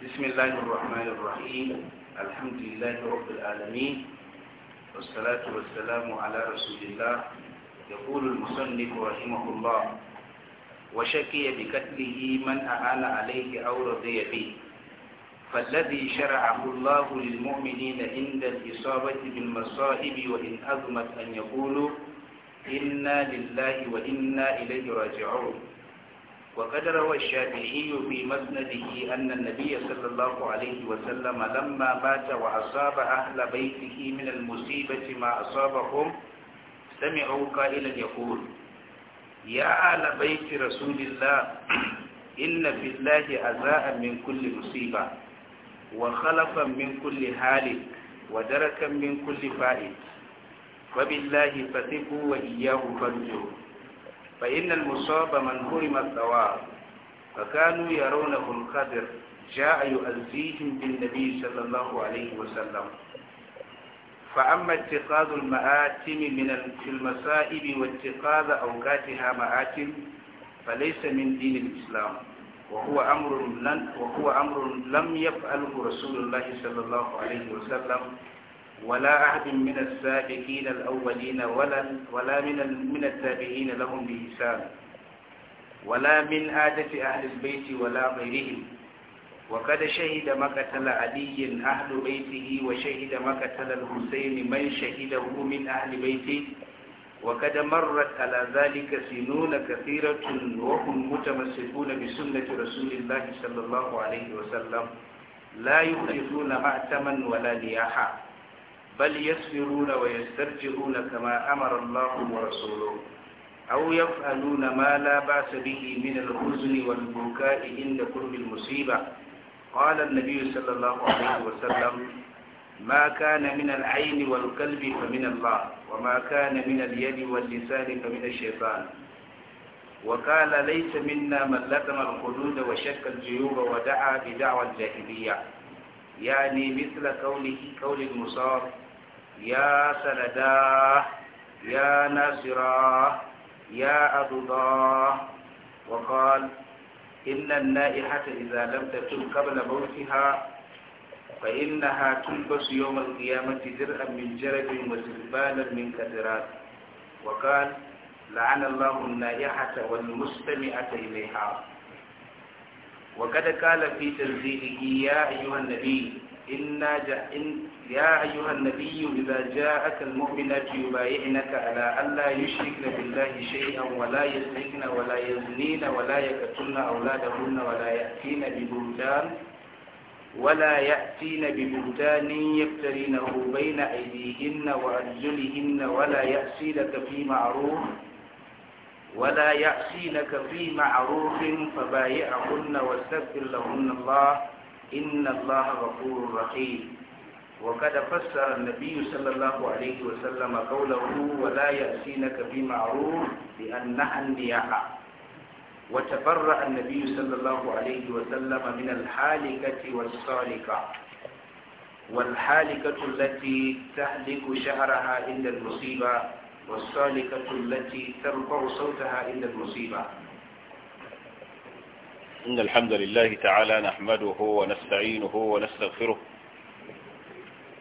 بسم الله الرحمن الرحيم الحمد لله رب العالمين والصلاة والسلام على رسول الله يقول المصنف رحمه الله وشكي بكتله من أعان عليه أو رضي به فالذي شرعه الله للمؤمنين عند الإصابة بالمصائب وإن أزمت أن يقولوا إنا لله وإنا إليه راجعون وقد روى الشافعي في مسنده أن النبي صلى الله عليه وسلم لما مات وأصاب أهل بيته من المصيبة ما أصابهم سمعوا قائلا يقول يا آل بيت رسول الله إن في الله أزاء من كل مصيبة وخلفا من كل هالك ودركا من كل فائد فبالله فثقوا وإياه فانجروا فإن المصاب من هرم الثواب فكانوا يرونه القدر جاء يؤذيهم بالنبي صلى الله عليه وسلم فأما اتخاذ المآتم من في المصائب واتخاذ أوقاتها مآتم فليس من دين الإسلام وهو أمر لم وهو أمر لم يفعله رسول الله صلى الله عليه وسلم ولا أحد من السابقين الأولين ولا, ولا من, من التابعين لهم بإحسان ولا من عادة أهل البيت ولا غيرهم وقد شهد مقتل علي أهل بيته وشهد مقتل الحسين من شهده من أهل بيته وقد مرت على ذلك سنون كثيرة وهم متمسكون بسنة رسول الله صلى الله عليه وسلم لا يحدثون معتما ولا نياحا بل يسفرون ويسترجعون كما أمر الله ورسوله أو يفعلون ما لا بأس به من الحزن والبكاء عند كل المصيبة قال النبي صلى الله عليه وسلم ما كان من العين والقلب فمن الله وما كان من اليد واللسان فمن الشيطان وقال ليس منا من لتم الخدود وشك الجيوب ودعا بدعوى الجاهلية يعني مثل قوله قول المصاب يا سندا يا ناصرا يا أبضا وقال إن النائحة إذا لم تتم قبل موتها فإنها تلبس يوم القيامة درعا من جرد وسربانا من كدرات وقال لعن الله النائحة والمستمعة إليها وقد قال في تنزيله يا أيها النبي إنا, جا إن يا أيها النبي إذا جاءك المؤمنات يبايعنك على ألا يشركن بالله شيئا ولا يسرقن ولا يزنين ولا يقتلن أولادهن ولا يأتين ببهتان ولا يأتين ببهتان يفترينه بين أيديهن وأرجلهن ولا يأسينك في معروف ولا يأسينك في معروف فبايعهن واستغفر لهن الله إن الله غفور رحيم وقد فسر النبي صلى الله عليه وسلم قوله ولا يأسينك بمعروف لأنها النياحة وتبرأ النبي صلى الله عليه وسلم من الحالكة والصالكة والحالكة التي تهلك شهرها عند المصيبة والصالكة التي ترفع صوتها عند المصيبة إن الحمد لله تعالى نحمده ونستعينه ونستغفره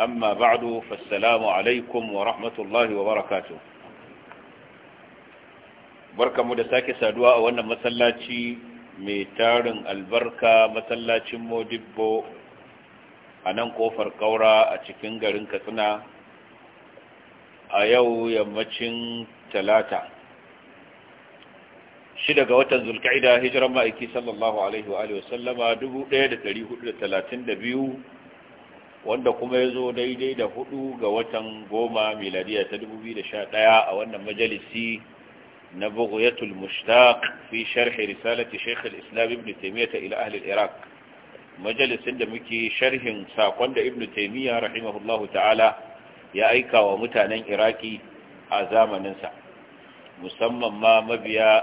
أما بعد فالسلام عليكم ورحمة الله وبركاته بركة مدساكي سادواء وانا مسلاتي ميتارن البركة مسلاتي مودبو anan kofar kaura a cikin garin katsina a yau yammacin talata Shi daga watan zulka'ida hijiran ma'aiki sallallahu alaihi wa alihi 1432 wanda kuma ya zo daidai da hudu ga watan goma miladiya ta 2011 a wannan majalisi na bughyatul mushtaq fi sharhi risalati shaykh al-islam ibn taymiyyah ila ahli al-iraq majalisin da muke sharhin sakon da ibn taymiyyah rahimahullahu ta'ala ya aika wa mutanen iraki a zamanin sa musamman ma mabiya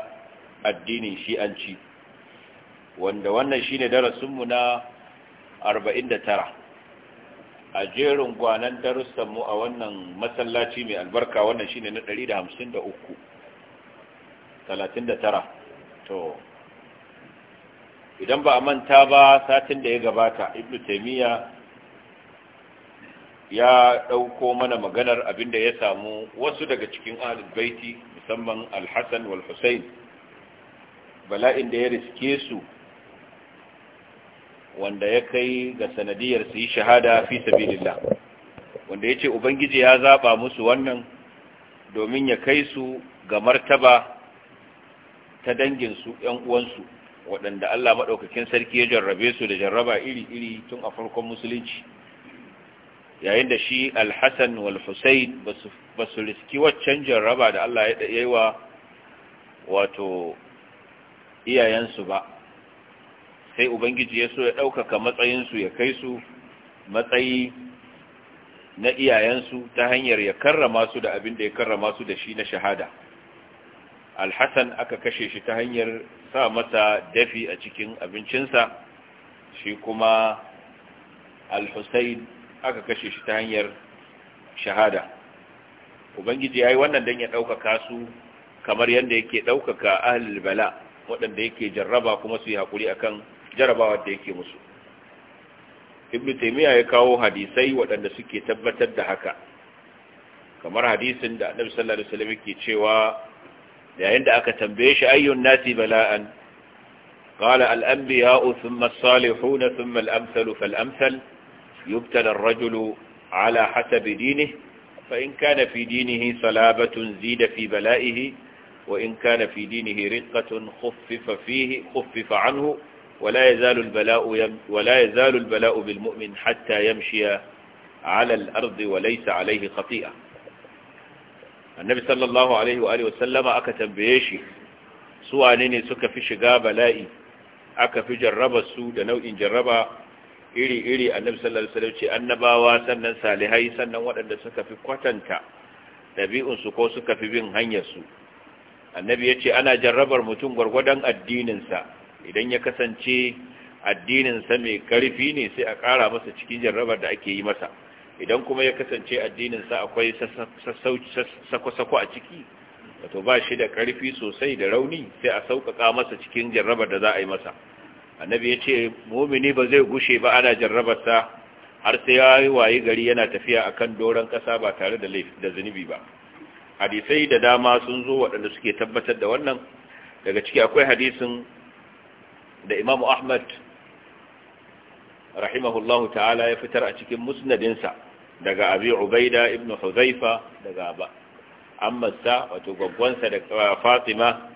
addinin shi'anci wanda wannan shine darasin mu na 49 a jerin gwanan mu a wannan masallaci mai albarka wannan shine na 153 39 to idan ba a manta ba satin da ya gabata ibnu taymiya ya dauko mana maganar abinda ya samu wasu daga cikin ahlul baiti musamman al-hasan wal husayn bala'in da ya riske su wanda ya kai ga sanadiyar su yi shahada fi sabilillah wanda ce ubangiji ya zaba musu wannan domin ya kai su ga martaba ta danginsu su uwansu waɗanda Allah madaukakin sarki ya jarrabe su da jarraba iri-iri tun a farkon musulunci yayin da shi Alhassan hassan wal Hussein basu riski waccan jarraba da Allah ya yi wa wato iyayensu ba sai ubangiji ya so ya ɗaukaka matsayinsu ya kai su matsayi na iyayensu ta hanyar ya karrama su da abin da ya karrama su da shi na shahada alhassan aka kashe shi ta hanyar sa masa dafi a cikin abincinsa shi kuma alhussain aka kashe shi ta hanyar shahada ubangiji ya yi wannan don ya ɗaukaka su kamar yadda yake ɗaukaka ahalil bala waɗanda yake jarraba kuma su yi haƙuri akan jarabawar da yake musu ibn taymiya ya kawo hadisai waɗanda suke tabbatar da haka kamar hadisin da annabi sallallahu alaihi wasallam yake cewa yayin da aka tambaye shi ayyun nasi bala'an qala al-anbiya'u thumma as na thumma al-amsalu fal-amsal yubtala ar-rajulu ala hasabi dinihi fa in kana fi dinihi salabatun zida fi bala'ihi wa in kana fi dinihi riqqatun khuffifa fihi khuffifa anhu ولا يزال البلاء يم ولا يزال البلاء بالمؤمن حتى يمشي على الأرض وليس عليه خطيئة النبي صلى الله عليه وآله وسلم أكتم بيشي سوى نيني سك في شقا بلائي أك في جرب السود نوء جرب إلي إلي النبي صلى الله عليه وسلم أنبا واسنا سالهي سنة وأن سك في قتنك نبي سكو سك في بن هنيسو النبي يتي أنا جرب المتون ورودن الدين سا idan ya kasance addininsa mai karfi ne sai a ƙara masa cikin jarrabar da ake yi masa idan kuma ya kasance addininsa akwai sako-sako a ciki wato ba shi da karfi sosai da rauni sai a sauƙaƙa masa cikin jarrabar da za a yi masa annabi ya ce mumini ba zai gushe ba ana jarrabarsa har sai ya yi waye gari yana tafiya akan doron ƙasa ba tare da da zunubi ba hadisai da dama sun zo waɗanda suke tabbatar da wannan daga ciki akwai hadisin da imamu ahmad rahimahullahu ta'ala ya fitar a cikin musnadinsa daga abi ubaida ibn huzaifa daga ba ammarsa wato gwaggwansa da uh, fatima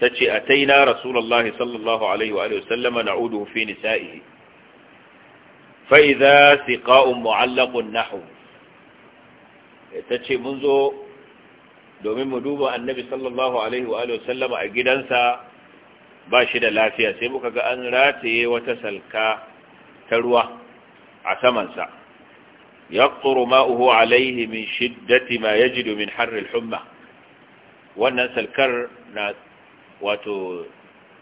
ta ce a taina rasulallah sallallahu alaihi wa sallama na udu fi nisa'i fa'iza siƙa'un mu'allakun nahu eh, ta ce mun zo domin mu duba annabi sallallahu alaihi wa sallama a gidansa ba shi da lafiya sai muka ga an rataye wata salka ta ruwa a samansa yaqturu ma'uhu alaihi min shiddati ma yajidu min harril humma wannan salkar na wato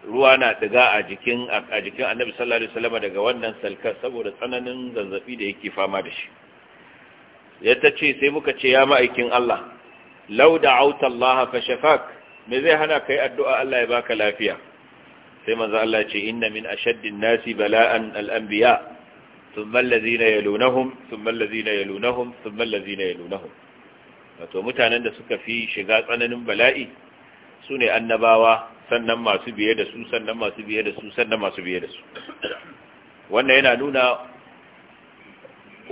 ruwa na diga a jikin a jikin Annabi sallallahu alaihi wasallam daga wannan salkar saboda tsananin zanzabi da yake fama da shi ya tace sai muka ce ya ma'aikin Allah law da Allah fa shafak me zai hana kai addu'a Allah ya baka lafiya sai manzo Allah ya ce inna min ashaddin nasi bala'an al-anbiya thumma allazina yalunhum thumma allazina yalunhum thumma allazina yalunhum wato mutanen da suka fi shiga tsananin bala'i sune annabawa sannan masu biye da su sannan masu biye da su sannan masu biye da su wannan yana nuna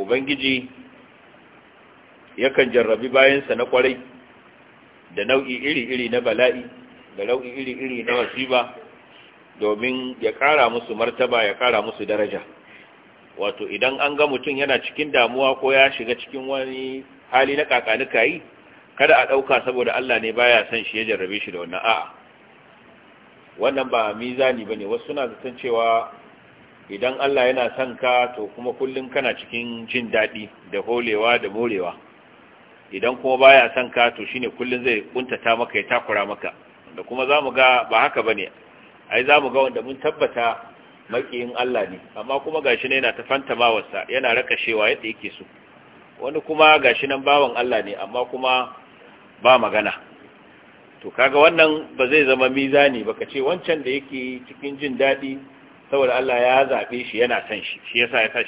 ubangiji yakan jarrabi bayansa na kwarai da nau'i iri-iri na bala'i da nau'i iri-iri na wasiba domin ya kara musu martaba ya kara musu daraja wato idan an ga mutum yana cikin damuwa ko ya shiga cikin wani hali na kakanuka yi kada a ɗauka saboda Allah ne baya san shi ya jarrabe shi da wannan a'a wannan ba mizani bane wasu suna zaton cewa idan Allah yana son ka to kuma kullum kana cikin jin daɗi da holewa da morewa idan kuma baya son ka to shine kullun zai kuntata maka ya takura maka da kuma zamu ga ba haka bane ai za mu ga wanda mun tabbata makiyin Allah ne amma kuma gashi ne yana ta wasa, yana rakashewa yadda yake so wani kuma gashi nan bawan Allah ne amma kuma ba magana to kaga wannan ba zai zama mizani ba ka ce wancan da yake cikin jin daɗi saboda Allah ya zaɓe shi yana son shi shi yasa ya sa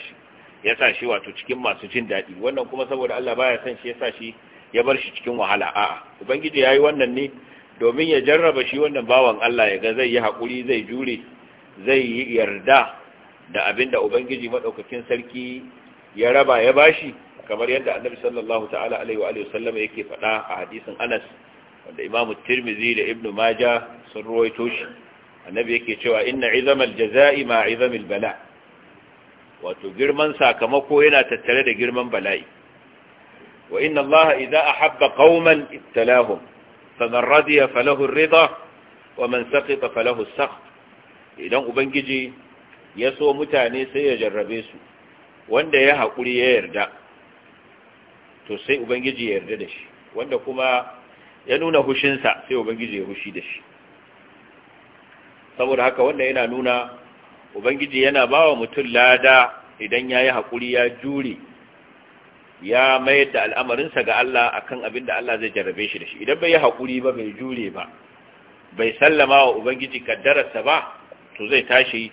ya sa shi wato cikin masu jin daɗi wannan kuma saboda Allah baya son shi ya sa shi ya bar shi cikin wahala a'a ubangiji yayi wannan ne domin ya jarraba shi wannan bawan Allah ya ga zai yi haƙuri zai jure zai yi yarda da abin da Ubangiji maɗaukakin sarki ya raba ya bashi kamar yadda annabi sallallahu ta'ala alaihi wa sallama yake faɗa a hadisin Anas wanda Imam Tirmizi da Ibn maja sun ruwaito shi annabi yake cewa inna izamal jazaa'i ma izamal bala wato girman sakamako yana tattare da girman bala'i wa inna Allah idza ahabba qauman ibtalahum فمن رضي فله الرضا wa سقط فله السخط saqt idan ubangiji ya so mutane sai ya jarrabe su wanda ya haƙuri ya yarda to sai ubangiji ya yarda da shi wanda kuma ya nuna hushinsa sai ubangiji ya hushi da shi saboda haka wanda yana nuna ubangiji yana ba wa mutum lada idan ya yi haƙuri ya jure ya mayar da al'amarinsa ga Allah akan abin da Allah zai jarrabe shi da shi idan bai yi haƙuri ba bai jure ba bai sallama wa ubangiji kaddararsa ba to zai tashi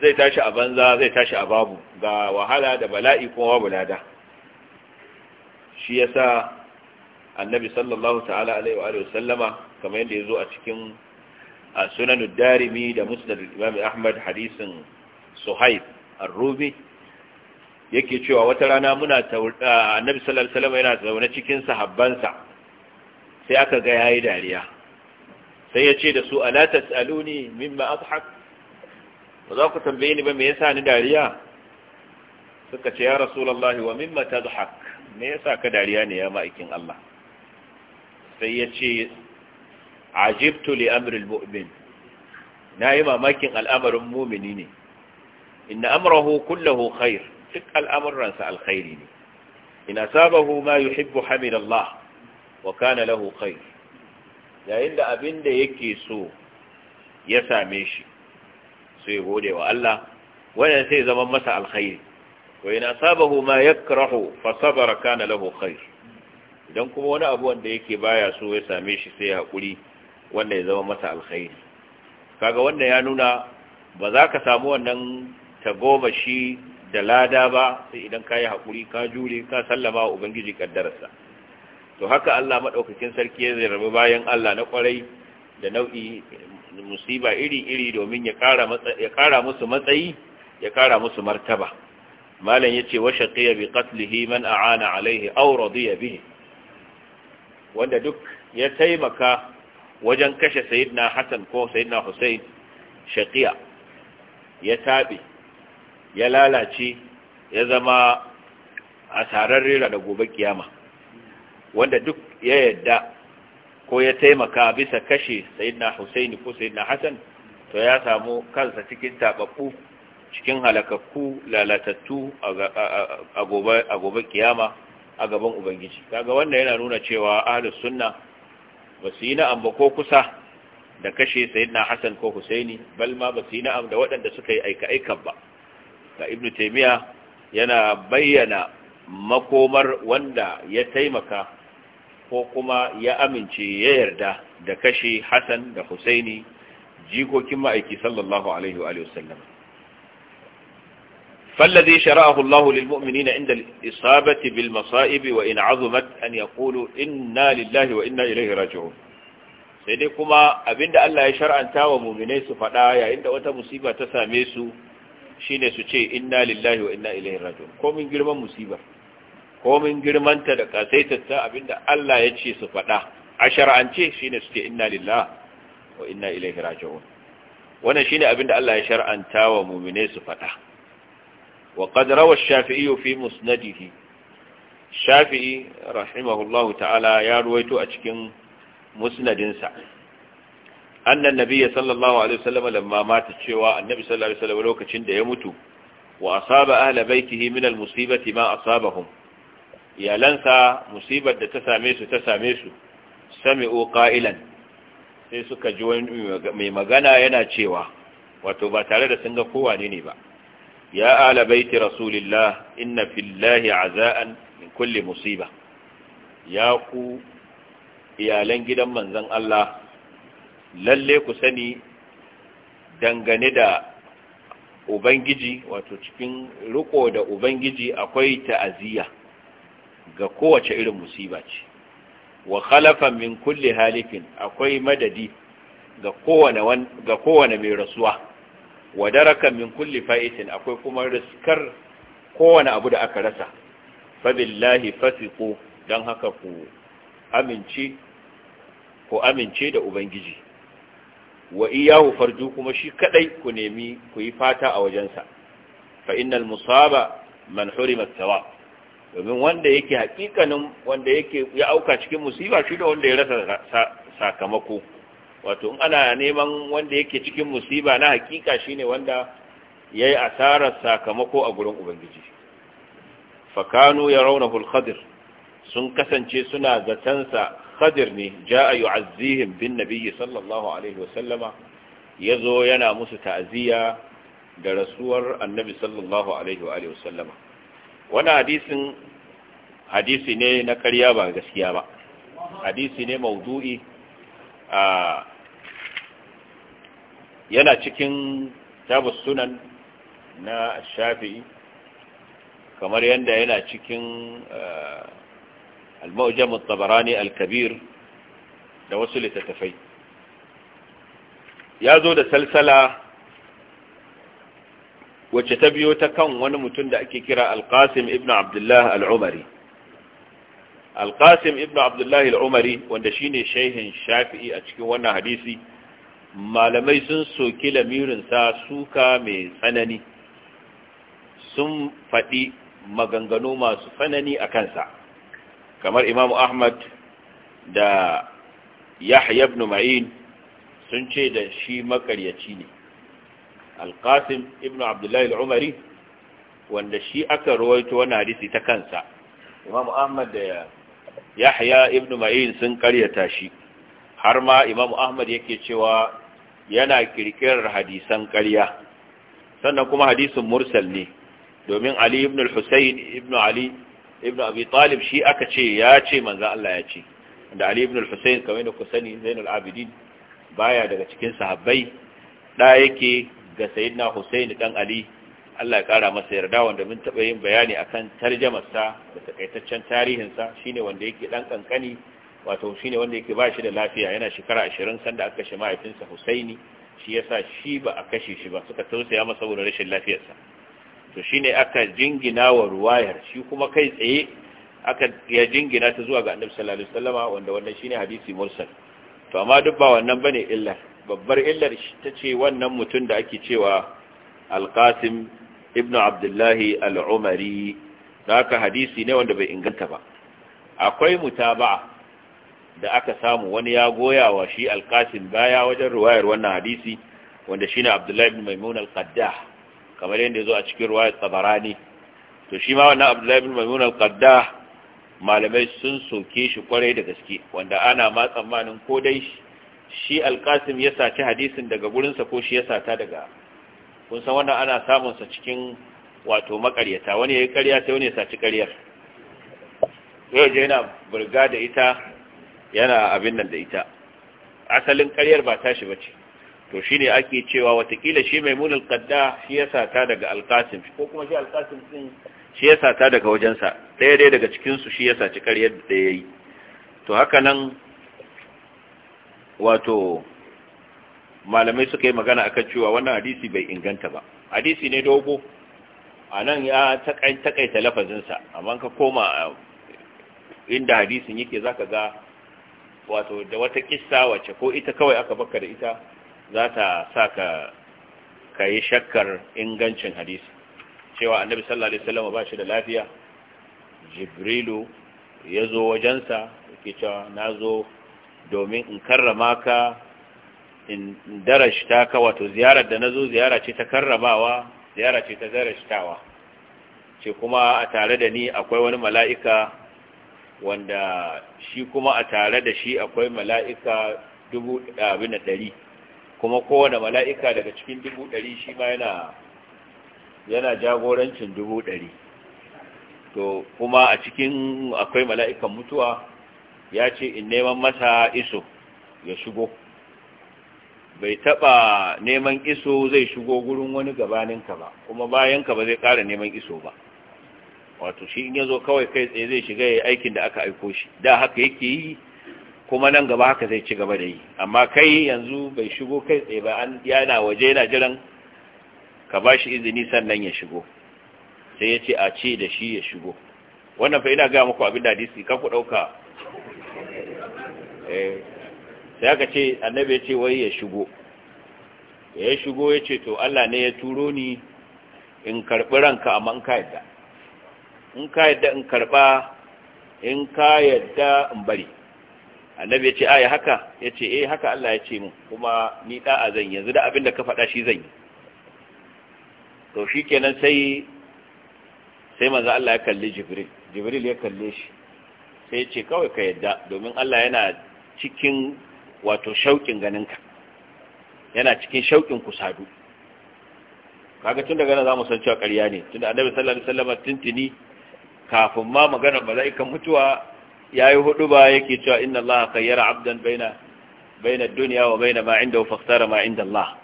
zai tashi a banza zai tashi a babu ga wahala da bala'i kuma babu lada shi yasa annabi sallallahu ta'ala alaihi wa alihi sallama kamar yadda yazo a cikin sunan darimi da musnad imam ahmad hadisin suhaib ar-rubi yake cewa wata rana muna annabi sallallahu alaihi wasallam yana zaune cikin sahabbansa sai aka ga yayi dariya sai ya ce da su ala tasaluni mimma adhak ba za ku tambaye ni ba me yasa ni dariya suka ce ya rasulullahi wa mimma tadhak me yasa ka dariya ne ya ma'aikin Allah sai ya ce ajibtu li amril na yi mamakin al'amarin mu'mini ne inna amrahu kullahu khair duk al'amuransa alkhairi ne ina sabahu ma yuhibbu hamidallah wa kana lahu khair yayin da abin da yake so ya same shi sai gode wa Allah wannan sai zama masa alkhairi wa ina sabahu ma yakrahu fa sabara kana lahu khair idan kuma wani abu wanda yake baya so ya same shi sai hakuri wanda ya zama masa alkhairi kaga wanda ya nuna ba za ka samu wannan ta shi. da lada ba sai idan ka yi haƙuri ka jure ka sallama wa ubangiji kaddararsa to haka Allah maɗaukakin sarki ya zarrabi bayan Allah na ƙwarai da nau'i musiba iri-iri domin ya ƙara musu matsayi ya ƙara musu martaba malam yace wa shaqiya bi qatlihi man a'ana alaihi aw radiya bihi wanda duk ya taimaka wajen kashe sayyidina Hassan ko sayyidina Hussein shaqiya ya taɓe ya lalace ya zama tsarar rera da gobe kiyama wanda duk ya yadda ko ya taimaka bisa kashe sayyidina Husaini ko sayyidina Hassan to ya samu kansa cikin tababbu cikin halakakku lalatattu a gobe kiyama a gaban ubangiji kaga wannan yana nuna cewa ahlus sunna basu yi na'am ba ko kusa da kashe sayyidina Hassan ko Husaini balma ma basu yi na'am da waɗanda suka yi aika aikan ba ga ibn taymiya yana bayyana makomar wanda ya taimaka ko kuma ya amince ya yarda da kashe Hassan da Husaini jikokin ma'aiki sallallahu alaihi wa sallam فالذي شرعه الله للمؤمنين عند الإصابة بالمصائب وإن عظمت أن يقولوا إنا لله وإنا إليه راجعون sai dai kuma abinda Allah ya shar'anta wa muminai su faɗa yayin da wata musiba ta same su Shi ne su ce inna lillahi wa inna ilaihi raji'un komin girman musibar komin girmanta da kasaitata abinda Allah ya ce su faɗa a shara'ance? Shi ne su ce inna lillahi wa inna ilaihi raji'un wannan shi ne abinda Allah ya shar'anta wa mu'mine su faɗa wa qad rawa ash-shafi'i fi musnadihi shafi'i rahimahullahu ta'ala ya ruwaito a cikin musnadinsa annan nabiyya sallallahu alaihi wasallam lamma mata cewa annabi sallallahu alaihi wasallam lokacin da ya mutu wa asaba ahla baitihi min almusibati ma asabahum iyalansa musibar da ta same su ta same su sami'u qailan sai suka ji mai magana yana cewa wato ba tare da sun ga kowa ne ba ya ala baiti rasulillah inna fillahi azaan min kulli musiba ya ku iyalan gidan manzon Allah lalle ku sani dangane da ubangiji wato cikin riko da ubangiji akwai ta'aziyya ga kowace irin musiba ce wa khalafan min kulli halikin akwai madadi ga kowane mai rasuwa wa darakan min kulli fa'itin akwai kuma riskar kowane abu da aka rasa fa billahi fasiqu dan haka ku amince ku amince da ubangiji wa iyahu farju kuma shi kadai ku nemi ku yi fata a wajensa fa innal musaba man hurima thawab domin wanda yake hakikanin wanda yake ya auka cikin musiba shi da wanda ya rasa sakamako wato in ana neman wanda yake cikin musiba na hakika shine wanda yayi asarar sakamako a gurin ubangiji fa kanu yarawnahu al-khadir sun kasance suna zatansa Qadir ne ja yi azihin bin nabiyyi sallallahu alaihi wasallama zo yana musu ta'aziyya da rasuwar annabi sallallahu alaihi wasallama Wani hadisin hadisi ne na karya ba gaskiya ba hadisi ne maudu'i a yana cikin tabus sunan na shafi kamar yadda yana cikin al-mu'jam at-tabarani al-kabir da wasu littattafai ya zo da salsala wacce ta biyo ta kan wani mutum da ake kira al-qasim ibn abdullah al-umari al-qasim ibn abdullah al-umari wanda shine shehin shafi'i a cikin wannan hadisi malamai sun soki lamirinsa suka mai tsanani sun faɗi maganganu masu tsanani a kansa kamar imamu ahmad da yahya ibn ma'in sun ce da shi makaryaci ne alkasim ibn abdullahi al wanda shi aka rawaito wani hadisi ta kansa imamu ahmad da yahya ibn ma'in sun karyata shi har ma imamu ahmad yake cewa yana kirkirar hadisan karya sannan kuma hadisin mursal ne domin ali ibn al-husayn ibn ali ibn abi talib shi aka ce ya ce manzo Allah ya ce da ali ibn al-husayn kamar da ku sani zainul abidin baya daga cikin sahabbai da yake ga sayyidina husayn dan ali Allah ya kara masa yarda wanda mun taba yin bayani akan tarjumar sa da takaitaccen tarihin sa shine wanda yake dan kankani wato shine wanda yake ba shi da lafiya yana shekara 20 sanda aka kashe mahaifinsa husaini shi yasa shi ba a kashe shi ba suka tausaya masa saboda rashin lafiyarsa to shine aka jingina wa ruwayar shi kuma kai tsaye aka ya jingina ta zuwa ga annabi sallallahu alaihi wasallama wanda wannan shine hadisi mursal to amma duk ba wannan bane illar babbar illar ta ce wannan mutum da ake cewa al al-qasim ibnu abdullahi al-umari da haka hadisi ne wanda bai inganta ba akwai mutaba'a da aka samu wani ya goya wa shi al-qasim baya wajen ruwayar wannan hadisi wanda shine abdullahi ibn maimun al-qaddah kamar yadda zo a cikin tsabara tabarani to shi ma wannan abdullahi bin maimun al malamai sun soke shi kwarai da gaske wanda ana ma tsammanin ko dai shi alkasim ya saci hadisin daga gurinsa ko shi ya sata daga kun san wannan ana samun sa cikin wato makaryata wani yayi ƙarya sai wani ya saci ƙaryar yau je yana burga da ita yana abin nan da ita asalin ƙaryar ba tashi ba ce. to shi ne ake cewa watakila shi mai munin kadda shi ya sata daga alkasim ko kuma shi alkasim din shi ya sata daga wajensa ɗaya daya daga cikinsu shi ya saci karyar da ya yi to haka nan wato malamai suka yi magana akan cewa wannan hadisi bai inganta ba hadisi ne dogo a nan ya takaita lafazinsa amma ka koma inda hadisin yake zaka ga wato da wata kissa wace ko ita kawai aka baka da ita za ta sa ka ka yi shakkar ingancin hadisi cewa annabi sallallahu alaihi wasallam ba shi da lafiya jibrilu ya zo wajensa yake cewa na zo domin in karrama ka in darashta ka wato ziyarar da na zo ziyara ce ta karramawa ziyara ce ta darashtawa ce kuma a tare da ni akwai wani mala'ika wanda shi kuma a tare da shi akwai mala'ika dubu abin da ɗari kuma kowane mala'ika daga cikin dubu ɗari shi ma yana jagorancin dubu ɗari to kuma a cikin akwai mala'ikan mutuwa ya ce in neman masa iso ya shigo bai taɓa neman iso zai shigo gurin wani gabaninka ba kuma bayanka ba zai ƙara neman iso ba wato shi in yazo kawai kai tsaye zai shiga ya yi aikin da aka aiko shi da haka yake yi kuma nan gaba haka zai ci gaba da yi amma kai yanzu bai shigo kai tsaye ba an yana waje yana jiran ka ba shi izini sannan ya shigo sai ya ce a ce da shi ya shigo wannan fa ga muku abin da disi ka ku dauka eh, sai aka ce annabi ya ce wai ya shigo ya shigo ya ce to Allah ne ya turo ni in karɓi ranka amma in ka yadda in ka yadda in karɓa in ka yadda in bari annabi ya ce aya haka ya ce eh haka Allah ya ce mu kuma ni da'a zan yanzu da abin da ka faɗa shi zan yi to shi kenan sai sai manzo Allah ya kalli jibril jibril ya kalle shi sai ya ce kawai ka yadda domin Allah yana cikin wato shauƙin ganinka yana cikin shauƙin kusadu kaga tun daga nan zamu san cewa ƙarya ne tunda annabi sallallahu alaihi wasallam tuntuni kafin ma maganar mala'ikan mutuwa Ya yi hudu ba yake cewa inna allaha khayyara abdan baina baina duniya wa baina ma indahu fakhtara ma inda allah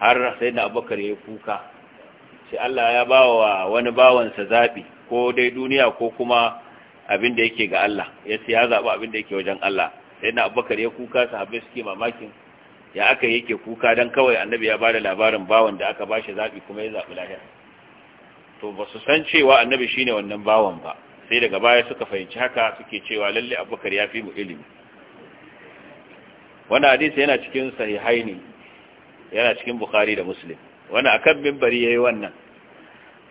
har sai sayyidina abubakar yi kuka sai Allah ya ba wa wani bawansa zabi ko dai duniya ko kuma abin da yake ga Allah ya siya ya zaɓi abin da yake wajen Allah sai na abubakar ya kuka sahabbai suke mamakin ya aka yake kuka don kawai annabi ya ba da labarin bawan da aka ba shi zaɓi kuma ya zaɓi lahira to ba su san cewa annabi shi ne wannan bawan ba sai daga baya suka fahimci haka suke cewa lalle abubakar ya fi mu ilimi Wani hadisi yana cikin sahihaini yana cikin bukhari da muslim Wani akan mimbari yi wannan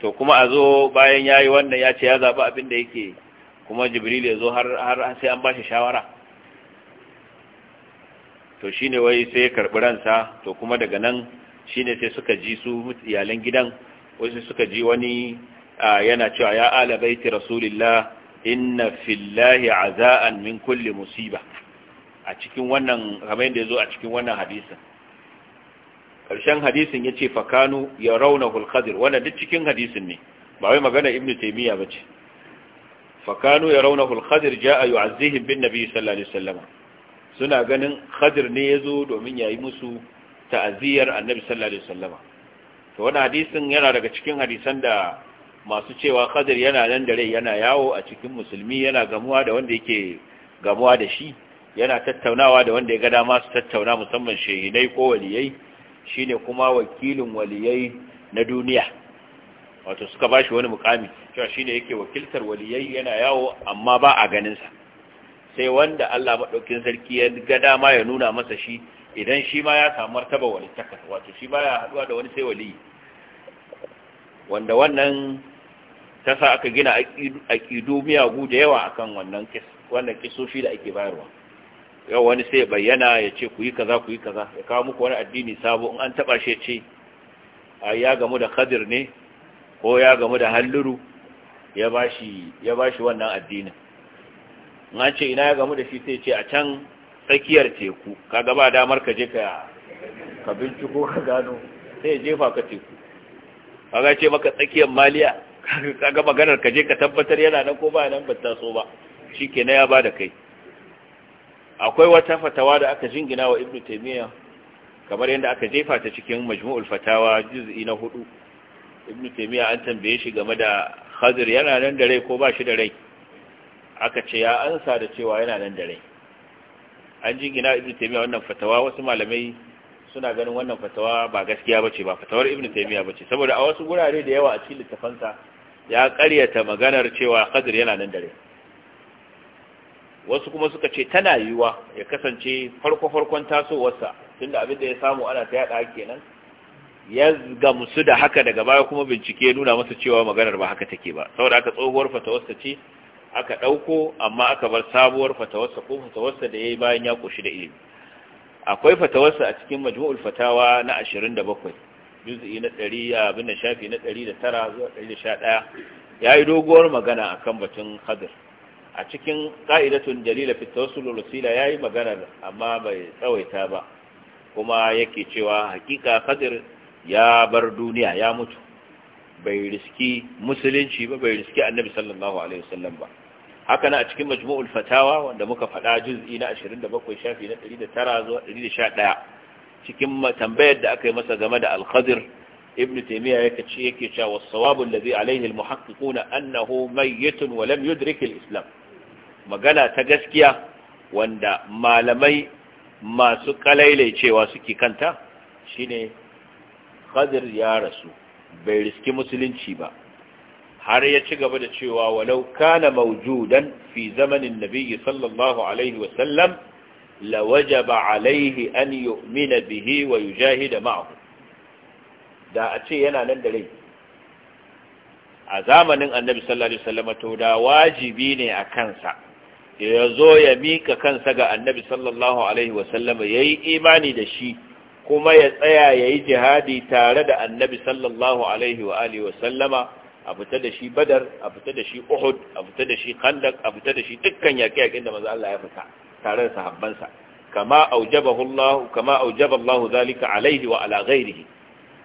to kuma a zo bayan ya yi wannan ya ce ya zaba abin da yake kuma jibril ya zo har har sai an bashi shawara to shine wai sai ya karbi ransa to kuma daga nan shi ne sai suka ji su iyalan gidan wasu suka ji wani yana cewa ya ala baiti rasulillah inna fillahi aza'an min kulli musiba a cikin wannan kamar yadda yazo a cikin wannan hadisin karshen hadisin yace fakanu rauna hul qadir wannan duk cikin hadisin ne ba wai magana ibnu taymiya bace fakanu rauna hul qadir jaa yu'azzihim bin nabi sallallahu alaihi wasallam suna ganin qadir ne yazo domin yayi musu ta'aziyar annabi sallallahu alaihi wasallam to wannan hadisin yana daga cikin hadisan da masu cewa kadir yana nan da rai yana yawo a cikin musulmi yana gamuwa da wanda yake gamuwa da shi yana tattaunawa da wanda ya ga dama su tattauna musamman shehinai ko waliyai shine kuma wakilin waliyai na duniya wato suka bashi wani mukami cewa shine yake wakiltar waliyai yana yawo amma ba a ganin sa sai wanda Allah madaukin sarki ya ga dama ya nuna masa shi idan shi ma ya samu martaba walittaka wato shi baya haduwa da wani sai wali wanda wannan ta sa aka gina aƙidu miyagu da yawa a kan wannan kisoshi da ake bayarwa yau wani sai ya bayyana ya ce ku yi kaza ku yi kaza ya kawo muku wani addini sabo in an taɓa shi ce a ya gamu da khadir ne ko ya gamu da halluru ya ba shi wannan addinin in an ce ina ya gamu da shi sai ce a can tsakiyar teku ka gaba damar ka je ka binciko ka gano sai ya jefa ka teku kaga ce maka tsakiyar maliya kaga maganar ka je ka tabbatar yana nan ko ba nan ba ta so ba shike na ya ba da kai akwai wata fatawa da aka jingina wa ibnu taymiya kamar yadda aka jefa ta cikin majmu'ul fatawa juz'i na hudu ibnu taymiya an tambaye shi game da khadir yana nan da rai ko ba shi da rai aka ce ya ansa da cewa yana nan da rai an jingina ibnu taymiya wannan fatawa wasu malamai suna ganin wannan fatawa ba gaskiya bace ba fatawar ibnu taymiya bace saboda a wasu gurare da yawa a cikin littafansa ya karyata maganar cewa kadir yana nan dare wasu kuma suka ce tana yiwa ya kasance farko farkon tasowarsa tunda abin da ya samu ana ta yada nan ya gamsu da haka daga baya kuma bincike nuna masa cewa maganar ba haka take ba saboda aka tsohuwar fatawarsa ce aka ɗauko amma aka bar sabuwar fatawarsa ko fatawarsa da yayi bayan ya koshi da ilimi akwai fatawarsa a cikin majmu'ul fatawa na 27 juz'i na a abin da shafi na ɗari da tara zuwa ɗari da sha ɗaya ya yi doguwar magana a kan batun hadir a cikin ƙa'idatun dalila fi tawassul ya yi magana amma bai tsawaita ba kuma yake cewa hakika hadir ya bar duniya ya mutu bai riski musulunci ba bai riski annabi sallallahu alaihi wasallam ba haka na a cikin majmu'ul fatawa wanda muka faɗa juz'i na 27 shafi na 109 zuwa 111 cikin tambayar da aka yi masa game da al-khadir ibn taymiya ya ce yake cewa was-sawabu alladhi alayhi al-muhaqqiquna annahu mayyitun wa lam yudrik islam magana ta gaskiya wanda malamai masu kalailai cewa suke kanta shine khadir ya rasu bai riski musulunci ba har ya ci gaba da cewa walau kana mawjudan fi zamanin nabiyyi sallallahu alaihi wa sallam لوجب عليه أن يؤمن به ويجاهد معه da a ce yana nan da rai a zamanin annabi sallallahu alaihi wasallam to da wajibi ne a kansa ya zo ya mika kansa ga annabi sallallahu alaihi wasallam yi imani da shi kuma ya tsaya ya yi jihadi tare da annabi sallallahu alaihi wa alihi wasallama a fita da shi badar a fita da shi uhud a fita da shi khandak a fita da shi dukkan yaƙe-yaƙen da manzo Allah ya fita tare da sahabbansa kama aujabahu Allah kama aujaba Allah zalika alaihi wa ala ghairihi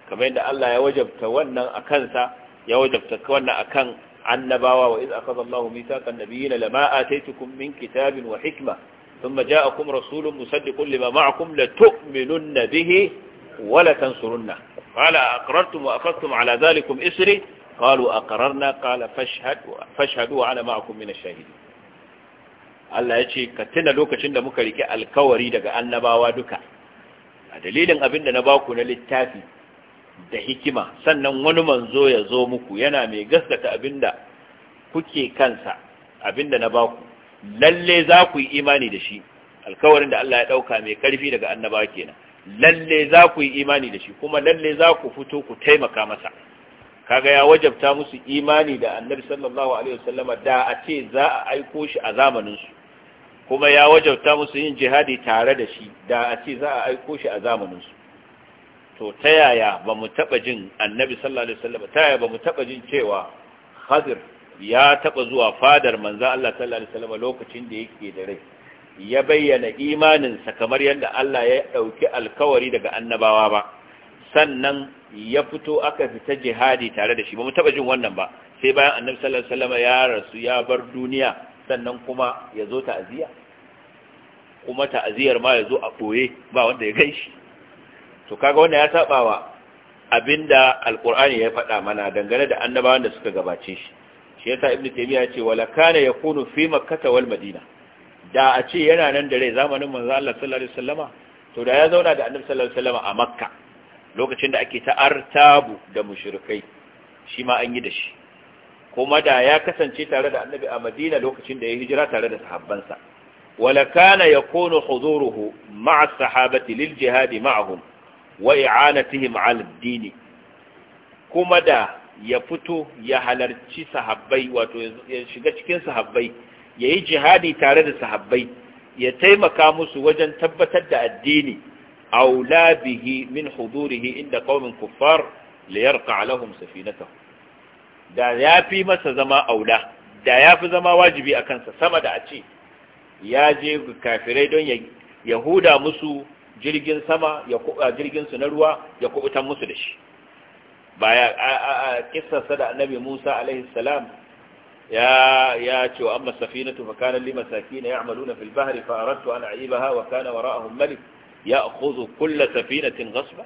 kamar yadda Allah ya wajabta wannan akan sa ya wajabta wannan akan annabawa wa iz akhadha Allahu mithaqan nabiyina lama ataitukum min kitabin wa hikma thumma ja'akum rasulun musaddiqun lima ma'akum la tu'minunna bihi wa la tansurunna qala aqrartum wa akhadhtum ala dhalikum isri qalu aqrarna qala fashhadu fashhadu ana ma'akum min ash-shahidin Allah ya ce ka tuna lokacin da muka rike alkawari daga annabawa duka a dalilin abin da na baku na littafi da hikima sannan wani manzo ya zo muku yana mai gaskata abin da kuke kansa abin da na baku lalle za ku yi imani da shi alkawarin da Allah ya ɗauka mai ƙarfi daga annabawa kenan lalle za ku yi imani da shi kuma lalle za ku fito ku taimaka masa kaga ya wajabta musu imani da annabi sallallahu alaihi wasallama da a ce za a aiko shi a zamaninsu kuma ya wajabta musu yin jihadi tare da shi da a ce za a aiko shi a zamaninsu to ta yaya ba mu taɓa jin annabi sallallahu alaihi wasallam ta yaya ba mu taɓa jin cewa hazir ya taɓa zuwa fadar manzo Allah sallallahu alaihi wasallam lokacin da yake da rai ya bayyana imaninsa kamar yadda Allah ya ɗauki alkawari daga annabawa ba sannan ya fito aka fita jihadi tare da shi ba mu taɓa jin wannan ba sai bayan annabi sallallahu alaihi wasallam ya rasu ya bar duniya sannan kuma ya zo ta'aziyya kuma ta'aziyar ma ya zo a koye ba wanda ya gaishi to kaga wanda ya saba wa abinda alqur'ani ya faɗa mana dangane da annabawan da suka gabace shi shi yasa ibnu taymiya ce wala kana yakunu fi makkah wal madina da a ce yana nan da rai zamanin manzo Allah sallallahu alaihi wasallama to da ya zauna da annabi sallallahu alaihi wasallama a makka lokacin da ake ta artabu da mushrikai shi ma an yi da shi kuma da ya kasance tare da annabi a madina lokacin da ya hijira tare da sahabbansa wala kana yakunu huzuruhu ma'a sahabati lil jihadi ma'ahum wa i'anatihim 'ala ad-din kuma da ya fito ya halarci sahabbai wato ya shiga cikin sahabbai yi jihadi tare da sahabbai ya taimaka musu wajen tabbatar da addini aula bihi min hudurihi inda qaumin kuffar liyarqa lahum safinatahu da yafi masa zama aula da yafi zama wajibi a kansa sama da a ce ya je kafirai don ya huda musu jirgin sama ya kuɓa jirginsu na ruwa ya kubutan musu da shi baya a kissarsa da annabi Musa alaihi salam ya ya ce wa amma safinatu fa kana li masakin ya'maluna fil bahri fa aradtu an a'ibaha wa kana wara'ahum Ya ya'khudhu kulla safinatin gasba.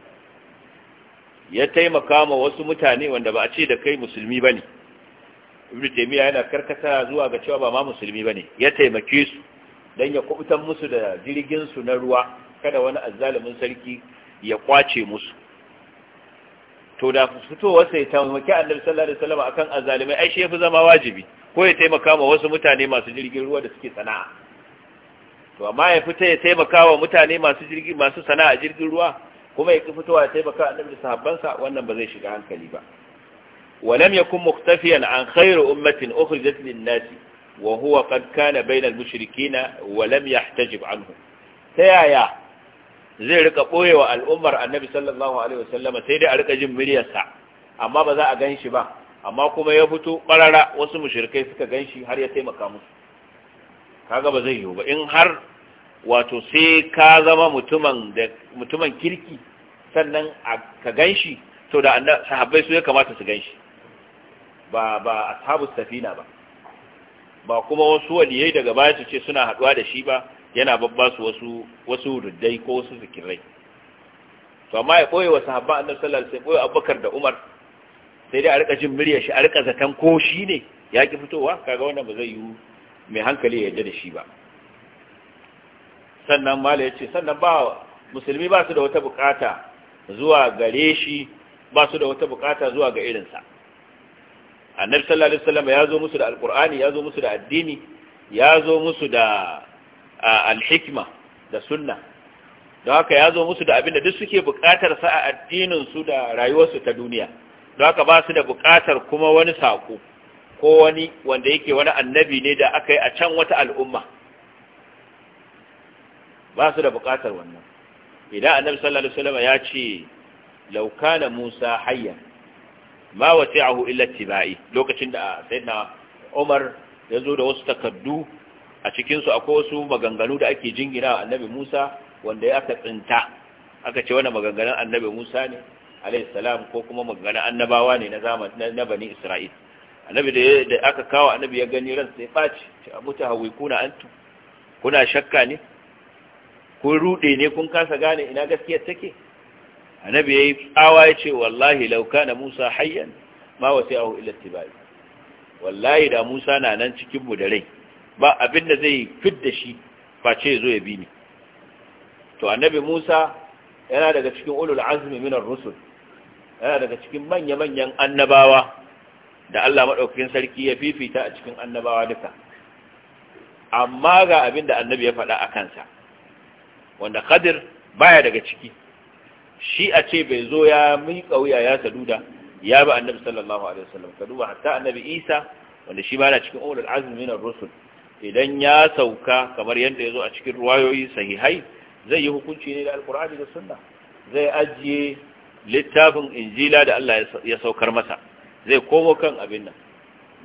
ya taimaka ma wasu mutane wanda ba a ce da kai musulmi ba ne. Ibn taymiya yana karkata zuwa ga cewa ba ma musulmi ba ne. ya taimake su don ya kubutan musu da jirginsu na ruwa kada wani azzalimin sarki ya kwace musu to da sai ya taimaki annabi sallallahu alaihi wasallam akan azzalimai ai shi yafi zama wajibi ko ya taimaka ma wasu mutane masu jirgin ruwa da suke sana'a to amma ya fita ya taimaka wa mutane masu jirgi masu sana'a jirgin ruwa kuma ya fitowa ya taimaka annabi da sahabbansa wannan ba zai shiga hankali ba Walam yakun muktafiyan an khairu ummatin ukhrijat lin-nasi wa huwa qad kana bainal mushrikina wa lam yahtajib anhu ta yaya zai rika ɓoyewa al'ummar annabi sallallahu alaihi wasallama sai dai a rika jin muryarsa amma ba za a ganshi ba amma kuma ya fito barara wasu mushrikai suka ganshi har ya taimaka musu kaga ba zai yiwu ba in har wato sai ka zama mutumin kirki sannan ka ganshi to da sahabbai su ya kamata su ganshi ba ba ashabus safina ba ba kuma wasu waliyai daga baya su ce suna haduwa da shi ba yana babba su wasu wasu ruddai ko wasu zikirai to amma ya boye wa sahabba annabi sallallahu alaihi wasallam koyi Abubakar da Umar sai dai a rika jin murya shi a rika zaton ko shi ne ya ki fitowa kaga wannan ba zai yi mai hankali ya yarda da shi ba sannan mala ya ce sannan ba musulmi ba su da wata bukata zuwa gare shi ba su da wata bukata zuwa ga irinsa annabi sallallahu alaihi wasallam ya zo musu da alqur'ani ya zo musu da addini ya zo musu da alhikma da sunna don haka ya zo musu da abin da duk suke buƙatar sa a addinin su da rayuwarsu ta duniya don haka ba su da buƙatar kuma wani sako ko wani wanda yake wani annabi ne da aka yi a can wata al'umma ba su da buƙatar wannan idan annabi sallallahu alaihi wasallam ya ce kana musa hayyan ma wasi'ahu illa tibai lokacin da sayyidina Umar ya zo da wasu takaddu a cikin su akwai wasu maganganu da ake jingina annabi Musa wanda ya aka tsinta aka ce wannan maganganun annabi Musa ne alayhi salam ko kuma maganganun annabawa ne na zamanin na bani Isra'il annabi da aka kawo annabi ya gani ran sai faci ce mutahawi kuna antu kuna shakka ne kun rude ne kun kasa gane ina gaskiyar take annabi yayi tsawa yace wallahi law kana Musa hayyan ma wasi'ahu illa ittiba'i wallahi da Musa na nan cikin mu da rai ba abinda zai fidda shi face zo ya bi ni to annabi Musa yana daga cikin ulul azmi minar rusul yana daga cikin manya-manyan annabawa da Allah maɗaukakin sarki ya fifita a cikin annabawa duka amma ga abinda annabi ya faɗa a kansa wanda kadir baya daga ciki shi a ce bai zo ya miƙa wuya ya saduda ya ba annabi sallallahu alaihi wasallam ka duba hatta annabi Isa wanda shi ma yana cikin ulul azmi min ar-rusul idan ya sauka kamar yadda ya zo a cikin ruwayoyi sahihai zai yi hukunci ne da alkur'ani da sunna zai ajiye littafin injila da Allah ya saukar masa zai komo kan abin nan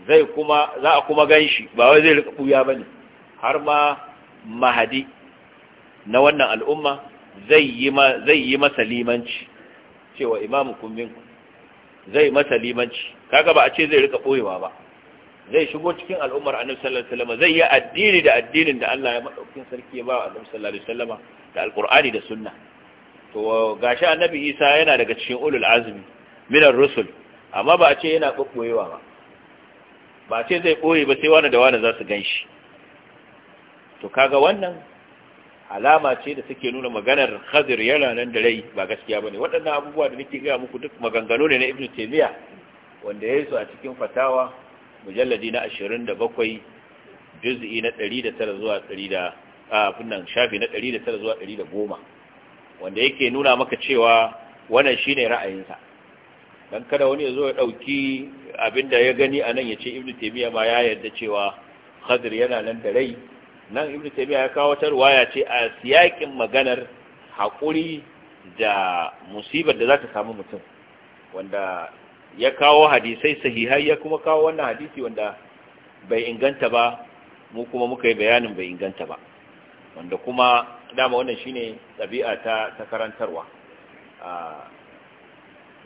zai kuma za a kuma ganshi ba wai zai rika buya bane har ma mahadi na wannan al'umma zai yi masa limanci cewa imamu kumbin zai masa limanci kaga ba a ce zai rika ɓoyewa ba zai shigo cikin al'ummar annabi sallallahu alaihi wasallam zai yi addini da addinin da Allah ya madaukin sarki ya ba wa annabi sallallahu alaihi wasallam da alqur'ani da sunna to gashi annabi Isa yana daga cikin ulul azmi min ar-rusul amma ba a ce yana kokoyewa ba ba a ce zai koyi ba sai wani da wani za su ganshi to kaga wannan alama ce da suke nuna maganar Khadir yana nan da rai ba gaskiya bane waɗannan abubuwa da nake ga muku duk maganganu ne na Ibn taymiya wanda ya su a cikin fatawa mujalladi na 27 juz'i na 109 zuwa 100 a funnan shafi na 109 zuwa 110 wanda yake nuna maka cewa wannan shine ra'ayinsa dan kada wani ya zo ya dauki abinda ya gani anan ya ce Ibn Taymiyyah ma ya yarda cewa Khadir yana nan da rai nan ibn taymiya ya kawo ta ruwaya ce a siyakin maganar haƙuri da musibar da za ta samu mutum wanda ya kawo hadisai sahihai ya kuma kawo wannan hadisi wanda bai inganta ba mu kuma muka yi bayanin bai inganta ba wanda kuma dama wannan shine ɗabi'a ta ta karantarwa